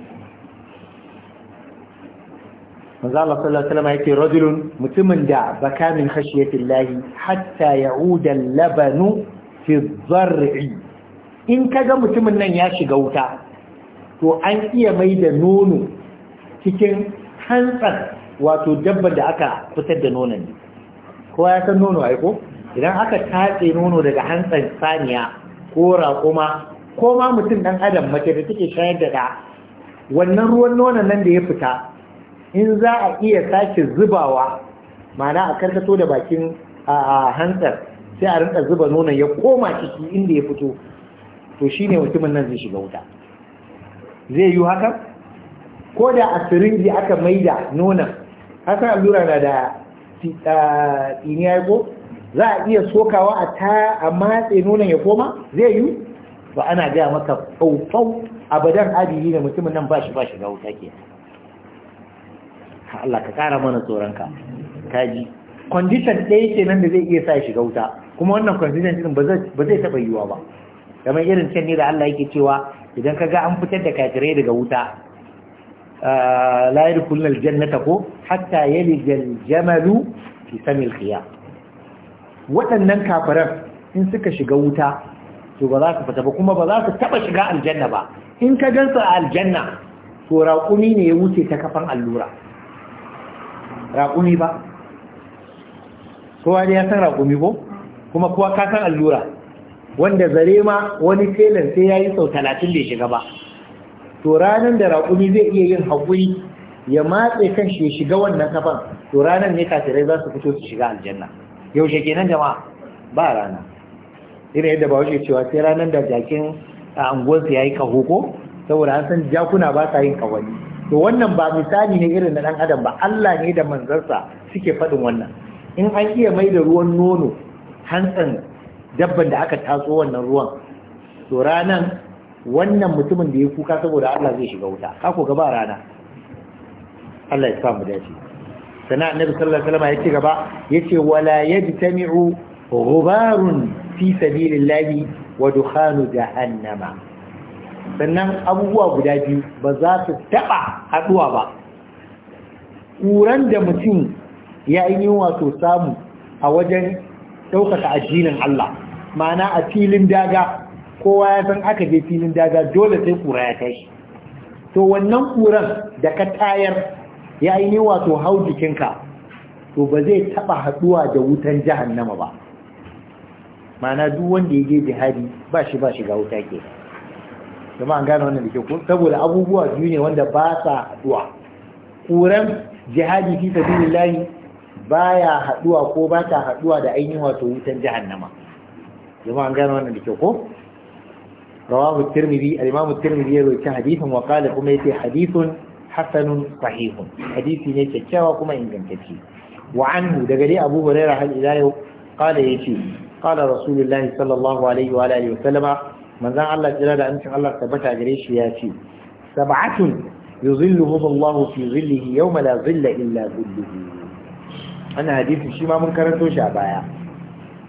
manzo Allah sallallahu alaihi wasallam yake rajulun mutumin da baka min khashiyatillahi hatta ya'uda labanu fi In in kaga mutumin nan ya shiga wuta to an iya mai da nono cikin hantsar wato dabbar da aka fitar da nonon ne kowa ya san nono aiko idan aka tatse nono daga hantsar saniya ko raƙuma ko ma mutum ɗan adam mace da take shayar da ɗa wannan ruwan nonon nan da ya fita in za a iya sake zubawa mana a karkato da bakin a hantar sai a rinka zuba nonon ya koma ciki inda ya fito to shine mutumin nan zai shiga wuta zai yi haka ko da a sirinji aka maida nonon haka allura na da tsiniya ko za a iya sokawa a ta a matse nonon ya koma zai yi ba ana gaya maka faufau abadan adili da mutumin nan ba shi ba shiga wuta kenan Allah ka kara mana tsoronka kaji condition ɗaya ce nan da zai iya sa ya shiga wuta kuma wannan condition din ba zai taɓa yiwuwa ba kamar irin can ne da Allah yake cewa idan ka ga an fitar da kafirai daga wuta ah, la yadkhulun aljannata ko hatta yalija aljamalu fi samil khiyam waɗannan kafiran in suka shiga wuta to ba za su fita ba kuma ba za su taɓa shiga aljanna ba in ka gansu a aljanna to raƙumi ne ya wuce ta kafan allura raƙumi ba kowa ne ya san raƙumi ko kuma kowa ka san allura wanda zare ma wani telan sai ya yi sau talatin bai shiga ba to ranar da raƙumi zai iya yin haƙuri ya matse kan shi ya shiga wannan kafan to ranar ne kafirai za su fito su shiga aljanna yaushe kenan jama'a ba rana irin yadda ba wuce cewa sai ranar da jakin a anguwarsu ya yi kaho ko saboda an san jakuna ba sa yin kawani to wannan ba misali ne irin na ɗan adam ba Allah ne da manzarsa suke faɗin wannan in an iya mai da ruwan nono hantsan dabban da aka tatso wannan ruwan to ranan wannan mutumin da ya kuka saboda Allah zai shiga wuta ka ko gaba rana Allah ya sa mu dace sana annabi sallallahu alaihi wasallam ce gaba yace wala yajtami'u ghubarun fi sabilillahi wa dukhanu jahannama sannan abubuwa guda biyu ba za su taɓa haɗuwa ba ƙuran da mutum ya yi wato samu a wajen ɗaukaka addinin Allah ma'ana a filin daga kowa ya san aka je filin daga dole sai ƙura ya tashi to wannan ƙuran da ka tayar ya yi wato hau jikinka to ba zai taɓa haɗuwa da wutan jahannama ba ma'ana duk wanda ya je jihadi ba shi ba shiga wuta ke kuma an gane wannan da ke ko saboda abubuwa biyu ne wanda ba sa haduwa kuran jihadi fi sabilillahi baya haduwa ko ba ta haduwa da ainihin wato wutan jahannama kuma an gane wannan da ke ko رواه ya الإمام الترمذي يروي حديث وقال كما kuma حديث حسن صحيح حديث نيكي كوا كما إنجن كتي وعنه دقلي أبو هريرة هل إلهي قال يتي قال رسول الله صلى الله عليه وآله manzon Allah jira da amincin Allah tabbata gare shi ya ce sab'atun yuzilluhum Allah fi zillihi yawma la zilla illa zilluhu ana hadisi shi ma mun karanto shi a baya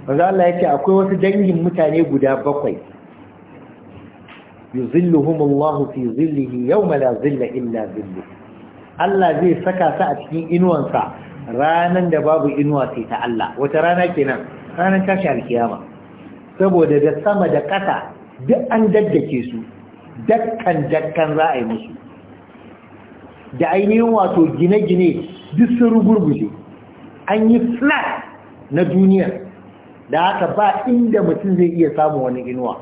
manzon Allah yake akwai wasu dangin mutane guda bakwai yuzilluhum Allah fi zillihi yawma la zilla illa zilluhu Allah zai saka su a cikin inuwansa ranan da babu inuwa sai ta Allah wata rana kenan ranan tashi alkiyama saboda da sama da ƙasa duk an daddake su dakkan dakkan za a yi musu da ainihin wato gine-gine duk sun rugurguje an yi flat na duniya da haka ba inda mutum zai iya samu wani inuwa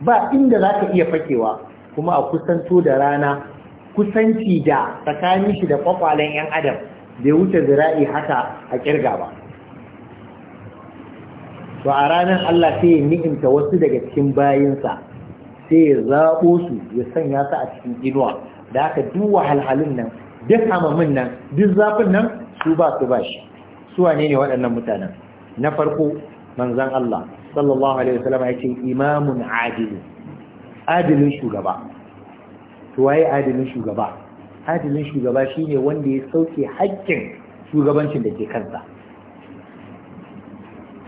ba inda za ka iya fakewa kuma a kusanto da rana kusanci da tsakanin shi da kwakwalen 'yan adam bai wuce zira'i haka a kirga ba to a ranar Allah sai ya ni'imta wasu daga cikin bayinsa sai ya zaɓo su ya sanya su a cikin inuwa da aka duwa halhalin nan duk amamin nan duk zafin nan su ba su ba shi su wane ne waɗannan mutanen na farko manzan Allah sallallahu alaihi wasallam ya ce imamun adilu adilin shugaba to waye adilin shugaba adilin shugaba shine wanda ya sauke haƙƙin shugabancin da ke kansa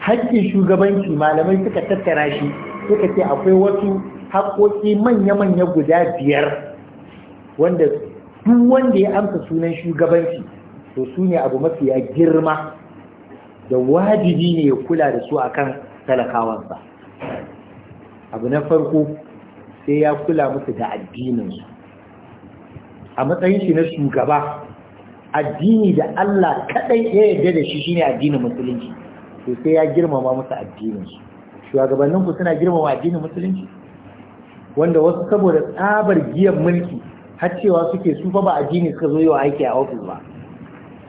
haƙƙin shugabanci malamai suka tattara shi suka ce akwai wasu haƙƙoƙi manya-manya guda biyar wanda duk wanda ya amsa sunan shugabanci to su ne abu ya girma da wajibi ne ya kula da su akan talakawansa abu na farko sai ya kula musu da addininsu a matsayin shi na shugaba addini da Allah kaɗai ya yarda da shi shine addinin musulunci to sai ya girmama musu addinin su shugabannin ku suna girmama addinin musulunci wanda wasu saboda tsabar giyan mulki har cewa suke su fa ba addini suka zo yi wa aiki a ofis ba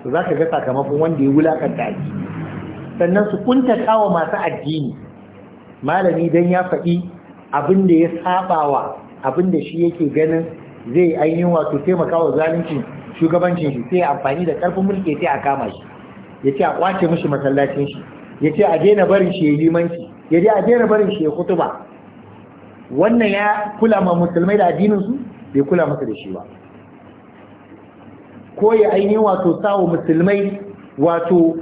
to za ka ga sakamakon wanda ya wulakanta addini sannan su kunta kawo masu addini malami dan ya faɗi abin da ya sabawa abin da shi yake ganin zai ainihin wato taimakawa zalunci shugabancin shi sai amfani da karfin mulki sai a kama shi ya ce a kwace mishi masallacin shi ya ce a daina barin shi limanci ya je a daina barin shi kutuba wannan ya kula ma musulmai da addinin bai kula masa da shi ba ko ya aini wato sawo musulmai wato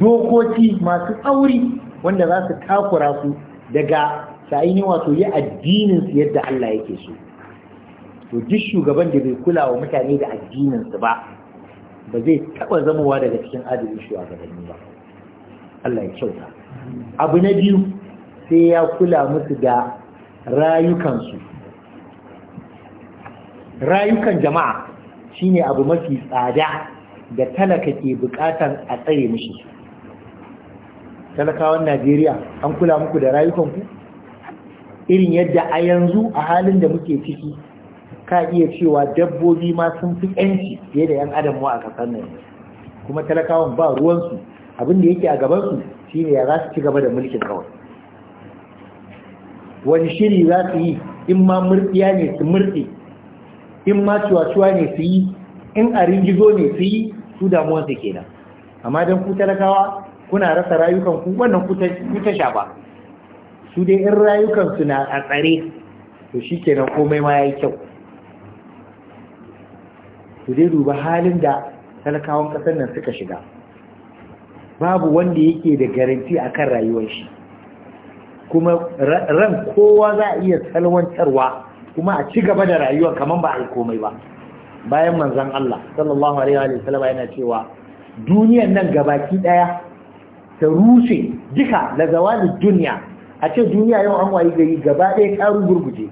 dokoki masu tsauri wanda za su takura su daga ta aini wato yi addininsu yadda Allah yake so to duk shugaban da bai kula wa mutane da addininsu ba ba zai taɓa zamowa daga cikin adalci shugabanni ba Allah ya kyauta abu na biyu sai ya kula musu da rayukansu rayukan jama'a shine abu mafi tsada da talaka ke bukatan a tsare mishi talakawan Najeriya an kula muku da rayukanku irin yadda a yanzu a halin da muke ciki ka iya cewa dabbobi ma sun fi yanci fiye da yan adam mu a kasar nan kuma talakawan ba ruwansu abin da yake a gabansu ne ya za su ci gaba da mulkin kawai wani shiri za su yi in ma murtiya ne su murti in ma cuwa-cuwa ne su yi in a rigizo ne su yi su damuwansu kenan amma don ku talakawa kuna rasa rayukanku wannan ku ta ba. su dai in rayukansu na a tsare to shi kenan komai ma ya yi kyau su dai duba halin da talakawan ƙasar nan suka shiga babu wanda yake da garanti akan rayuwar shi kuma ran kowa za a iya salwantarwa kuma a ci gaba da rayuwar kamar ba a yi komai ba bayan manzon Allah sallallahu alaihi wa sallama yana cewa duniyan nan gabaki daya ta rushe duka da zawali duniya. a ce duniya yau an wayi gari gaba daya karu gurguje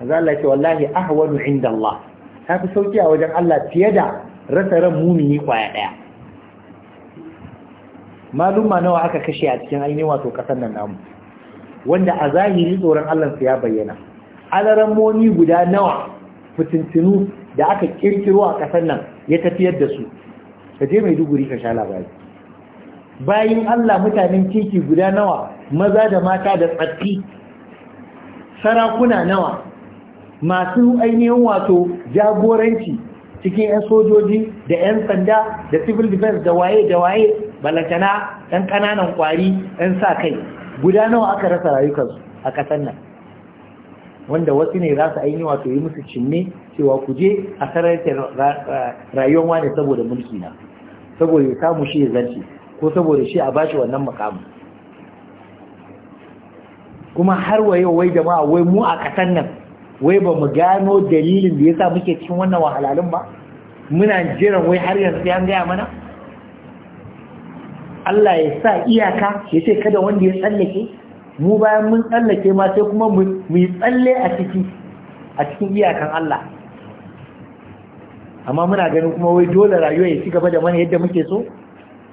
manzo Allah ce wallahi ahwanu inda Allah ta fi sauki a wajen Allah fiye da rasa ran mumini kwaya daya maluma nawa aka kashe a cikin ainihin wato kasar nan namu wanda a zahiri tsoron Allah ya bayyana moni guda nawa fitintinu da aka kirkiro a kasar nan ya tafiyar da su ka je mai duguri ka sha labari Bayan Allah mutanen kiki guda nawa maza da mata da tsatti sarakuna nawa masu ainihin wato jagoranci cikin 'yan sojoji da 'yan sanda da civil defense da waye da waye balakana 'yan ƙananan kwari 'yan sa kai guda nawa aka rasa rayukansu a ƙasar nan wanda wasu ne za su ainihi wato yi musu cinne cewa ku je a sararta rayuwar wani saboda mulki na saboda ya samu shi ya zarce ko saboda shi a bashi wannan makamu kuma har wa yau wai jama'a wai mu a ƙasar nan wai ba mu gano dalilin da ya sa muke cikin wannan wahalalun ba muna jiran wai har yanzu ya gaya mana Allah ya sa iyaka ya ce kada wanda ya tsallake mu bayan mun tsallake ma sai kuma mu tsalle a ciki a cikin iyakan Allah amma muna ganin kuma wai dole rayuwa ya ci gaba da mana yadda muke so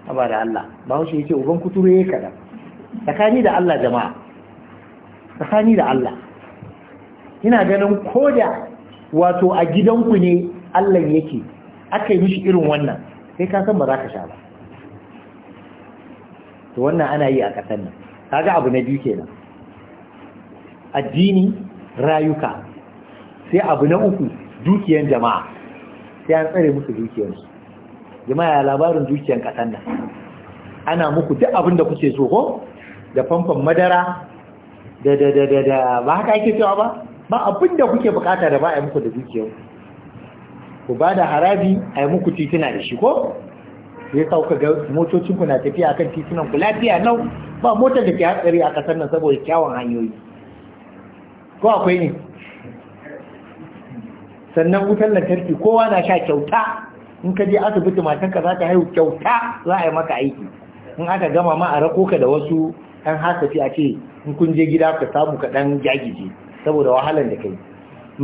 ba da Allah ba ya ce uban kuturu yayi kaɗan. tsakani da Allah jama'a tsakani da Allah ina ganin koda wato a gidanku ne Allah yake aka yi mishi irin wannan sai ka san ba za ka sha ba to wannan ana yi a ƙasar nan kaga abu na biyu kenan addini rayuka sai abu na uku dukiyan jama'a sai an tsare musu dukiyansu jama'a labarin dukiyar ƙasar nan ana muku duk abin da kuke so ko da famfon madara da da da da ba haka ake cewa ba ba abin da kuke bukata da ba a yi muku da dukiyar ku ba da harabi a yi muku tituna da shi ko ya sauka ga motocin ku na tafiya akan titunan ku lafiya nau ba motar da ke hatsari a kasar nan saboda kyawun hanyoyi ko akwai ne sannan wutar lantarki kowa na sha kyauta in ka je asibiti matanka za ta haihu kyauta za a yi maka aiki in aka gama ma a rako ka da wasu ɗan hasafi a ce in kun je gida ka samu ka ɗan jagije saboda wahalar da kai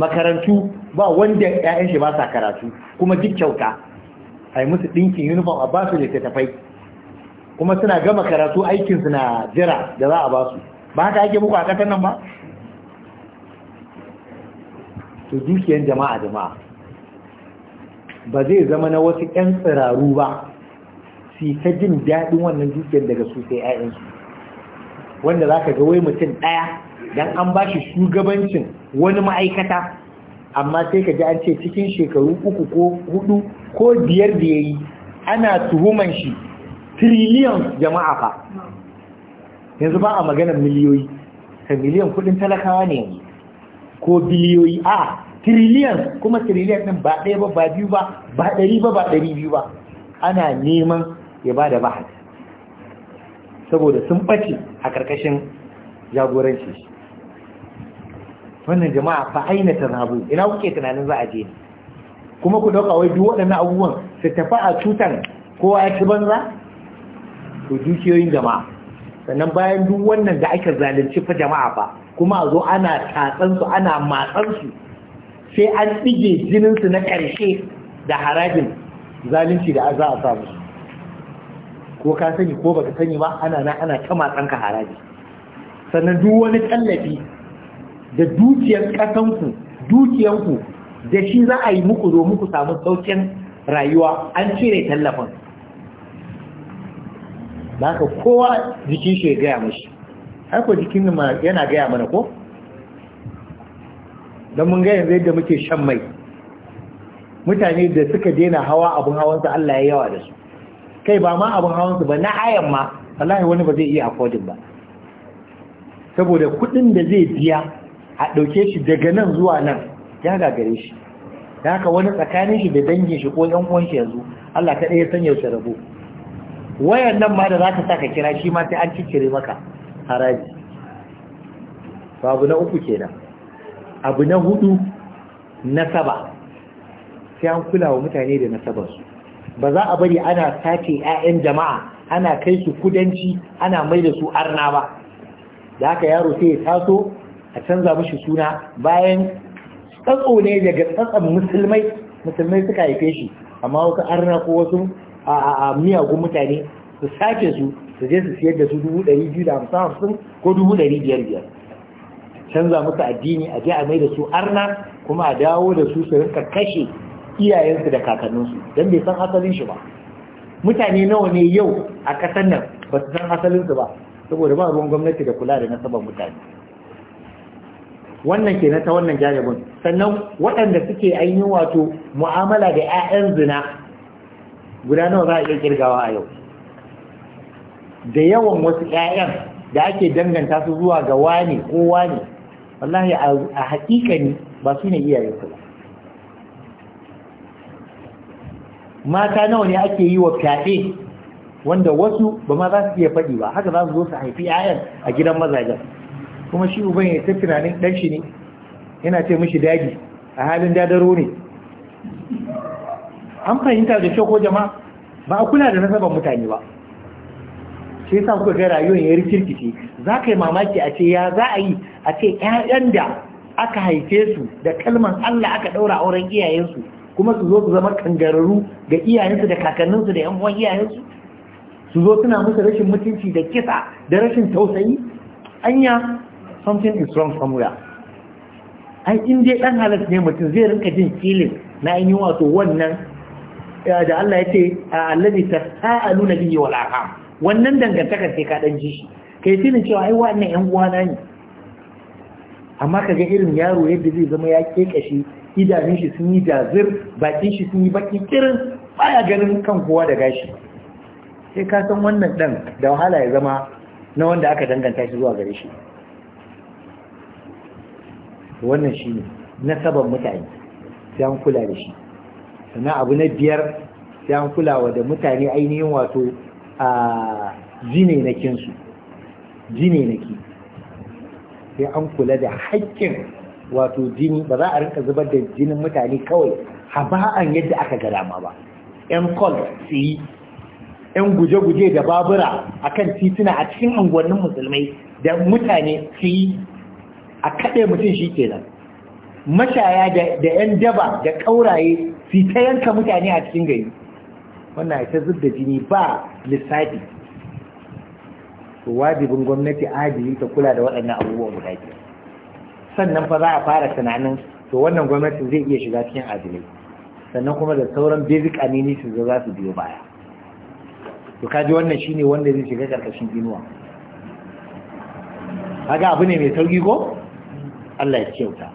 makarantu ba wanda 'ya'yan shi ba sa karatu kuma duk kyauta ai musu dinkin uniform a basu da tafai kuma suna gama karatu aikin su na jira da za a basu ba haka ake muku a ƙasar nan ba to dukiyan jama'a jama'a ba zai zama na wasu ƴan tsiraru ba su ta jin daɗin wannan dukiyar daga su sai 'ya'yansu wanda za ka ga wai mutum ɗaya dan an ba shi shugabancin wani ma'aikata amma sai ka ji an ce cikin shekaru uku ko hudu ko biyar da ya yi ana tuhuman shi triliyan jama'a fa yanzu ba a maganar miliyoyi ka miliyan kudin talakawa ne yanzu ko biliyoyi a triliyan kuma triliyan din ba ɗaya ba ba biyu ba ba ɗari ba ba ɗari biyu ba ana neman ya ba da bahas saboda sun ɓace a ƙarƙashin jagoranci wannan jama'a fa aina tazhabu ina kuke tunanin za a je kuma ku dauka wai duk waɗannan abubuwan su tafi a tutan kowa ya ci banza to dukiyoyin jama'a sannan bayan duk wannan da ake zalunci fa jama'a fa kuma a zo ana tatsan su ana matsan su sai an tsige jinin su na ƙarshe da harajin zalunci da za a samu ko ka sani ko baka sani ba ana ana ta matsan ka haraji sannan duk wani tallafi da dukiyar ƙasanku dukiyanku da shi za a yi muku zo muku samu saukin rayuwa an cire tallafin ba ka kowa jikin shi ya gaya mashi har ko jikin yana gaya mana ko don mun ga yanzu yadda muke shan mai mutane da suka daina hawa abin hawansu Allah ya yawa da su kai ba ma abin hawansu ba na ayan ma wallahi wani ba zai iya affordin ba saboda kudin da zai biya a ɗauke shi daga nan zuwa nan ya gagare shi da haka wani tsakanin shi da dangin shi ko yan uwan yanzu Allah ta ɗaya sanya shi rabo wayan nan ma da za ka saka kira shi ma sai an cikire maka haraji abu na uku kenan abu na hudu nasaba sai an kula wa mutane da nasabar su. ba za a bari ana sace 'ya'yan jama'a ana kai su kudanci ana mai da su arna ba da haka yaro sai ya taso a canza mashi suna bayan tsatso ne daga tsatsan musulmai musulmai suka haife shi amma wasu arna ko wasu a miyagun mutane su sake su su je su siyar da su dubu ɗari biyu da hamsin hamsin ko dubu ɗari biyar biyar canza musu addini a je a mai da su arna kuma a dawo da su su rinka kashe iyayensu da kakanninsu don bai san asalin shi ba mutane nawa ne yau a ƙasar nan ba su san asalinsu ba saboda ba ruwan gwamnati da kula da nasabar mutane wannan kenan ta wannan janibin sannan waɗanda suke ainihin wato mu'amala da 'ya'yan zina guda nawa za a iya kirgawa a yau da yawan wasu 'ya'yan da ake danganta su zuwa ga wani ko wani wallahi a hakikani ba su ne iyayensu ba mata nawa ne ake yi wa fyaɗe wanda wasu ba ma za su iya faɗi ba haka za su zo su haifi 'ya'yan a gidan mazajen kuma shi uban ya ta tunanin ɗan shi ne yana ce mishi dagi a halin dadaro ne an fahimta da shi ko jama'a ba a kula da nasabar mutane ba sai sa kuka ga rayuwar ya rikirkice za ka yi mamaki a ce ya za a yi a ce ƴaƴan da aka haife su da kalman Allah aka ɗaura auren iyayensu kuma su zo su zama kangararru ga iyayensu da kakanninsu da ƴan uwan iyayensu su zo suna musu rashin mutunci da kisa da rashin tausayi anya something is wrong somewhere ai in dai dan halas ne mutum zai rinka jin feeling na ainihin wato wannan eh, da Allah ya ce allazi tasaaluna bihi wal arham wannan dangantakar sai ka dan ji shi kai filin cewa ai wannan yan uwana ne amma ka ga irin yaro yadda zai zama ya kekashi idanun shi sun yi jazir bakin shi sun yi baki kirin baya ganin kan kowa da gashi sai ka san wannan dan da wahala ya zama na wanda aka danganta shi zuwa gare shi to wannan shi ne nasaban mutane sai an kula da shi sannan abu na biyar sai an kulawa da mutane ainihin wato a na ki sai an kula da haƙƙin wato jini ba za a rinka zubar da jinin mutane kawai haba'an yadda aka gada ma ba yan kol su yi yan guje-guje da babura akan tituna a cikin unguwannin musulmai da mutane su yi a kaɗe mutum shi ke nan, mashaya da 'yan daba da ƙauraye su ta yanka mutane a cikin gari wannan ta zub da jini ba lissafi wajibin gwamnati adili ta kula da waɗannan abubuwan guda biyar sannan fa za a fara tunanin to wannan gwamnatin zai iya shiga cikin adilai sannan kuma da sauran basic amenities da za su biyo baya to kaji wannan shine wanda zai shiga karkashin inuwa kaga abu ne mai sauki ko Allah ya kyauta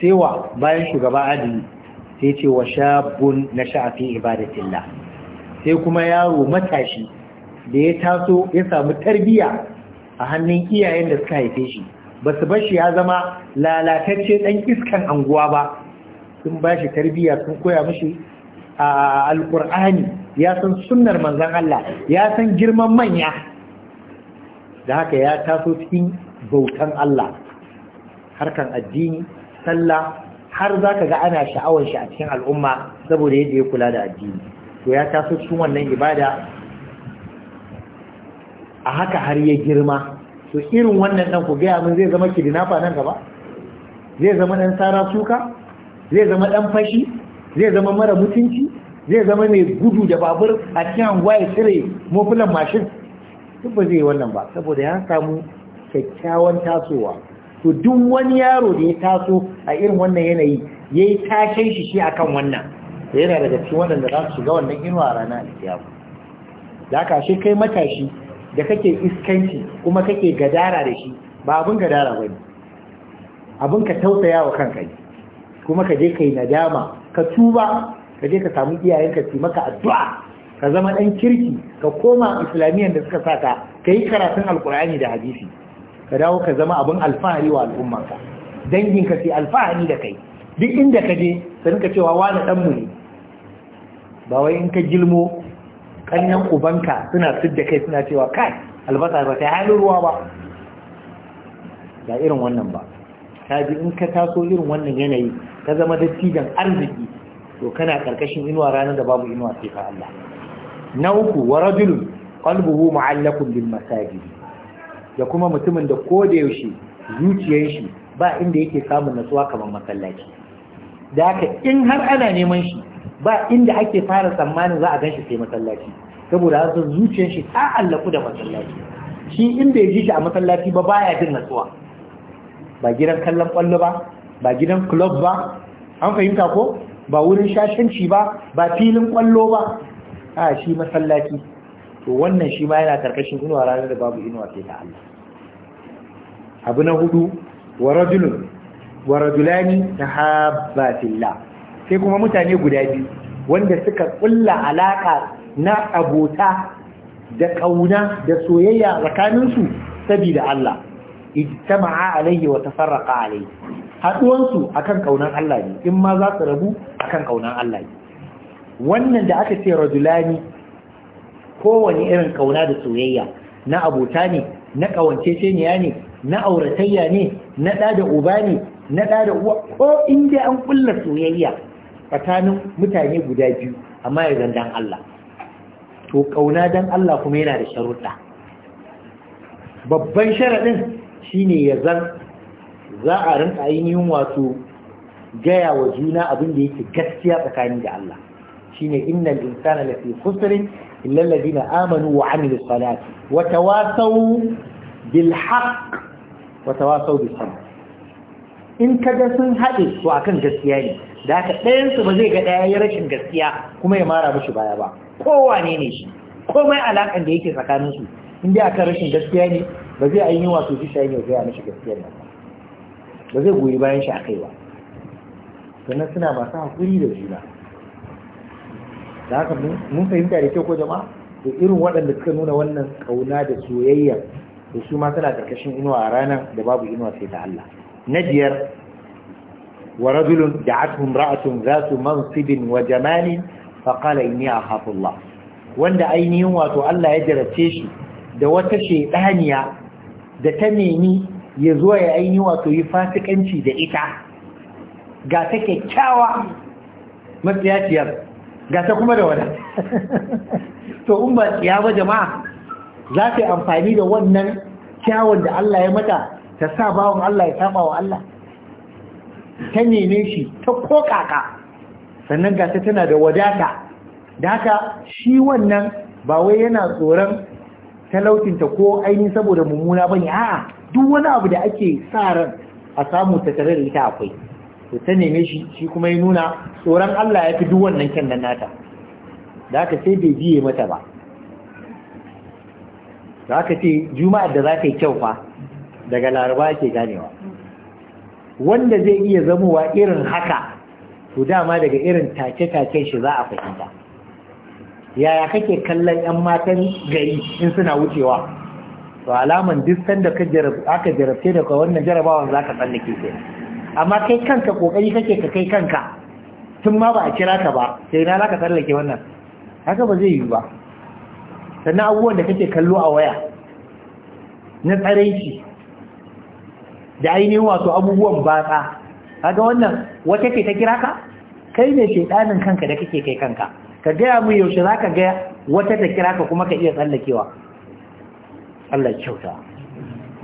sai wa bayan shugaba adi sai ce wa shabun na sha'afi ibadatillah sai kuma yaro matashi da ya taso ya samu tarbiyya a hannun iyayen da suka haife shi ba su bashi ya zama lalatacce dan iskan anguwa ba sun bashi tarbiyya sun koya mishi a alkur'ani ya san sunnar manzan Allah ya san girman manya da haka ya taso cikin bautan Allah harkan addini sallah har za ka ga ana sha'awar shi a cikin al'umma saboda yadda ya kula da addini to ya taso cikin wannan ibada a haka har ya girma to irin wannan ɗan ku gaya min zai zama kidnapper nan gaba zai zama ɗan tsara suka zai zama ɗan fashi zai zama mara mutunci zai zama mai gudu da babur a cikin anguwa ya cire mashin duk ba zai yi wannan ba saboda ya samu kyakkyawan tasowa to duk wani yaro da ya taso a irin wannan yanayi ya yi tashen shi shi akan wannan da yana daga cikin waɗanda za su shiga wannan inuwa a ranar alkiyama da ka shi kai matashi da kake iskanci kuma kake gadara da shi ba abin gadara ba ne abin ka tausaya wa kanka ne kuma ka je ka nadama ka tuba ka je ka samu iyayenka su maka addu'a ka zama ɗan kirki ka koma islamiyyar da suka saka ka yi karatun alkur'ani da hadisi ka dawo ka zama abin alfahari wa al'ummarka danginka sai alfahari da kai duk inda ka je ka rinka cewa wani ɗanmu ne ba wai in ka gilmo ƙannan ubanka suna da kai suna cewa kai albasa ba ta halin ruwa ba ba irin wannan ba ta ji in ka taso irin wannan yanayi ka zama dattijan arziki to kana ƙarƙashin inuwa ranar da babu inuwa sai fa Allah na uku wa rajulun qalbuhu mu'allaqun bil masajid da kuma mutumin da ko da yaushe zuciyar shi ba inda yake samun natsuwa kamar masallaci da haka in har ana neman shi ba inda ake fara tsammanin za a gan shi sai masallaci saboda haka zuciyar shi ta allaku da masallaci shi inda ya ji shi a masallaci ba baya jin nasuwa? ba gidan kallon kwallo ba ba gidan club ba an fahimta ko ba wurin shashanci ba ba filin kwallo ba a shi masallaci to wannan shi ma yana karkashin inuwa ranar da babu inuwa sai ta Allah abu na hudu wa rajulun wa rajulani sai kuma mutane guda biyu wanda suka kulla alaka na abota da kauna da soyayya tsakanin su saboda Allah ijtama'a alayhi wa tafarraqa alayhi haduwan su akan kaunan Allah ne in ma za su rabu akan kaunan Allah ne wannan da aka ce rajulani kowane irin kauna da soyayya na abota ne na ƙawanceceniya ne na auratayya ne na ɗa da uba ne na ɗa da uwa ko in dai an ƙulla soyayya tsakanin mutane guda biyu amma ya zan dan Allah to ƙauna dan Allah kuma yana da sharuɗa babban sharaɗin shine ya zan za a rinka ainihin wato gaya wa juna abin da yake gaskiya tsakani da Allah shine innal insana lafi khusrin إلا الذين آمنوا وعملوا الصلاة وتواصوا بالحق وتواصوا بالصبر in ka ga sun haɗe to akan gaskiya ne da haka ɗayansu ba zai ga ɗaya ya rashin gaskiya kuma ya mara mushi baya ba kowa ne shi komai alaƙan da yake tsakaninsu in dai akan rashin gaskiya ne ba zai ainihin wato shi shayi ne gaya mashi gaskiyar nan ba zai goyi bayan shi a kai ba sannan suna masu haƙuri da juna da haka mun fahimta da kyau ko jama'a to irin waɗanda suka nuna wannan kauna da soyayya da su ma tana karkashin inuwa a ranar da babu inuwa sai da Allah na biyar wa rajulun da'atuhum ra'atun zatu mansibin wa jamalin fa qala inni akhafu Allah wanda ainihin wato Allah ya jarace shi da wata shedaniya da ta nemi ya zo ya ainihin wato yi fasikanci da ita ga ta kyakkyawa matsayaciyar Gata kuma da wada to in ba tsiya ba jama'a za ta yi amfani da wannan kyawun da Allah ya mata ta sa bawon Allah ya saba wa Allah ta nene shi ta kokaka sannan ga tana da wadata da haka shi wannan ba wai yana tsoron talautinta ko ainihin saboda mummuna bane a'a duk wani abu da ake sa ran a samu ta tare da ita akwai to ta neme shi shi kuma ya nuna tsoron Allah ya fi duk wannan kyan nata da aka sai bai biye mata ba da aka ce juma'ar da za ta yi kyau fa daga laraba ke ganewa wanda zai iya zamowa irin haka to dama daga irin take-taken shi za a fahimta yaya kake kallon 'yan matan gari in suna wucewa to alaman duk sanda aka jarabce da wannan jarabawan za ka tsallake kenan amma kai kanka kokari kake ka kai kanka tun ma ba a kira ka ba sai na ka tsallake wannan haka ba zai yi ba sannan abubuwan da kake kallo a waya na tsaraici da ainihin wato abubuwan batsa haka wannan wata ke ta kira ka kai ne ɗanin kanka da kake kai kanka ka gaya mu yaushe za ka gaya wata ta kira ka kuma ka iya tsallakewa Allah kyauta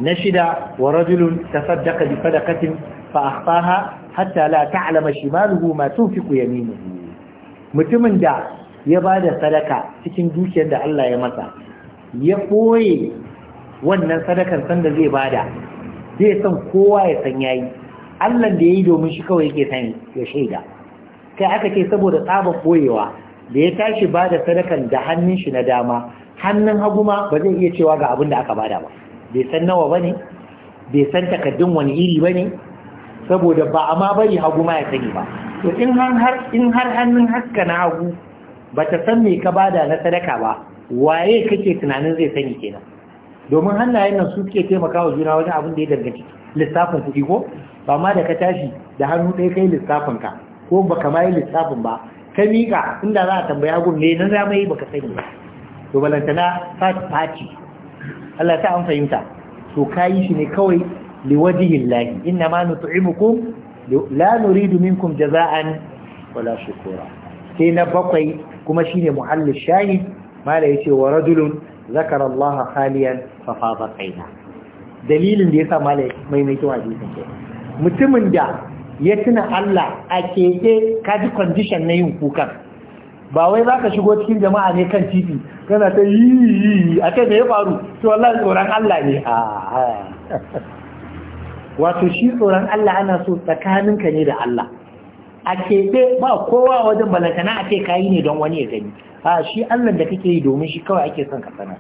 na shida wa rajulun tasaddaqa bi sadaqatin fa akhfaha hatta la ta'lama shimaluhu ma tunfiqu yaminuhu mutumin da ya bada sadaka cikin dukiyar da Allah ya masa ya koye wannan sadakar sanda zai bada zai san kowa ya san yayi Allah da yayi domin shi kawai yake sani ya shaida kai aka ce saboda tsaba koyewa da ya tashi bada sadakan da hannun shi na dama hannun hagu ma ba zai iya cewa ga abin da aka bada ba bai san nawa bane bai san takaddun wani iri bane saboda ba a ma bari hagu ma ya sani ba to in har in har hannun haska na hagu ba ta san me ka bada na sadaka ba waye kake tunanin zai sani kenan domin hannayen nan su ke taimakawa juna wajen abin da ya danganci lissafin kuɗi ko ba ma da ka tashi da hannu ɗaya kai lissafin ka ko ba ka yi lissafin ba ka miƙa inda za a tambaya gun ne nan zama yi ka sani ba to balantana fati Allah ta an fahimta to kayi shi ne kawai liwajihi Allah inna ma nut'imukum la nuridu minkum jaza'an wala shukura sai na bakwai kuma shine muhallin shahid mala yace wa rajulun zakara Allah khaliyan fa fada qaina dalilin da yasa mala mai mai to hadisin ke mutumin da ya tuna Allah a keke kaji condition na yin kukan ba wai zaka shigo cikin jama'a ne kan titi kana ta yi akai da ya faru to wallahi tsoron Allah ne a ah, ah. *laughs* wato shi tsoron Allah ana so tsakaninka ne da Allah a keɓe ba kowa wajen balantana a ce kayi ne don wani ya gani a shi Allah da kake yi domin shi kawai ake son ka sanar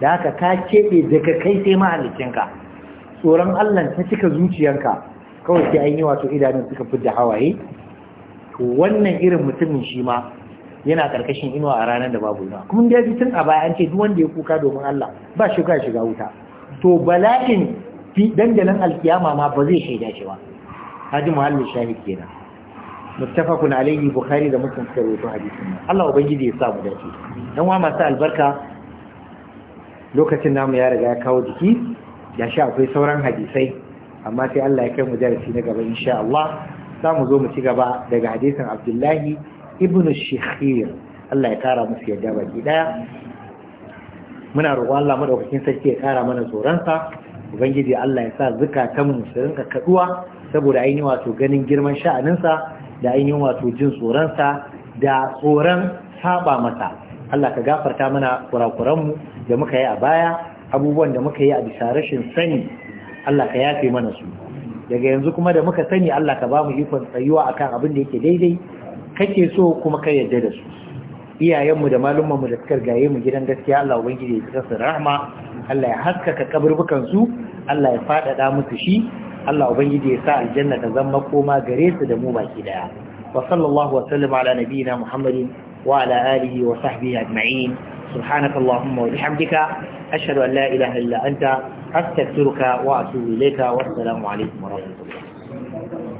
da haka ka keɓe daga kai sai mahallicinka tsoron Allah ta cika zuciyanka kawai sai an yi wato idanun suka da hawaye wannan irin mutumin shi ma yana karkashin inuwa a ranar da babu inuwa kuma da ji tun a baya an ce duk wanda ya kuka domin Allah ba shi shiga wuta to bala'in fi dandalin alkiyama ma ba zai shaida shi ba haji muhallin shahid kenan muttafaqun alayhi bukhari da muslim suka rawaito hadisin nan Allah ubangiji ya sa mu dace dan wa masu albarka lokacin namu ya riga ya kawo jiki ya sha akwai sauran hadisai amma sai Allah ya kai mu darasi na gaba insha Allah za mu zo mu ci gaba daga hadisin Abdullahi ibn Shikhir Allah ya kara musu yadda baki daya muna roƙon Allah madaukakin sarki ya kara mana tsoron sa ubangiji Allah ya sa zukatanmu su rinka kaduwa saboda ainihin wato ganin girman sha'aninsa da ainihin wato jin tsoronsa da tsoron saba masa Allah ka gafarta mana kurakuranmu da muka yi a baya abubuwan da muka yi a bisa rashin sani Allah ka yafe mana su daga yanzu kuma da muka sani Allah ka ba mu ikon tsayuwa akan abin da yake daidai kake so kuma ka yarda da su iyayenmu da malumanmu da suka gaye mu gidan gaskiya Allah ubangiji ya kasa rahma Allah ya haskaka kaburbukan su Allah ya faɗaɗa musu shi Allah ubangiji ya sa aljanna ta zama koma gare su da mu baki daya wa sallallahu wa sallama ala nabiyyina muhammadin wa ala alihi wa sahbihi ajma'in subhanaka allahumma wa bihamdika ashhadu an la ilaha illa anta astaghfiruka wa atubu ilayka wa assalamu alaikum wa rahmatullahi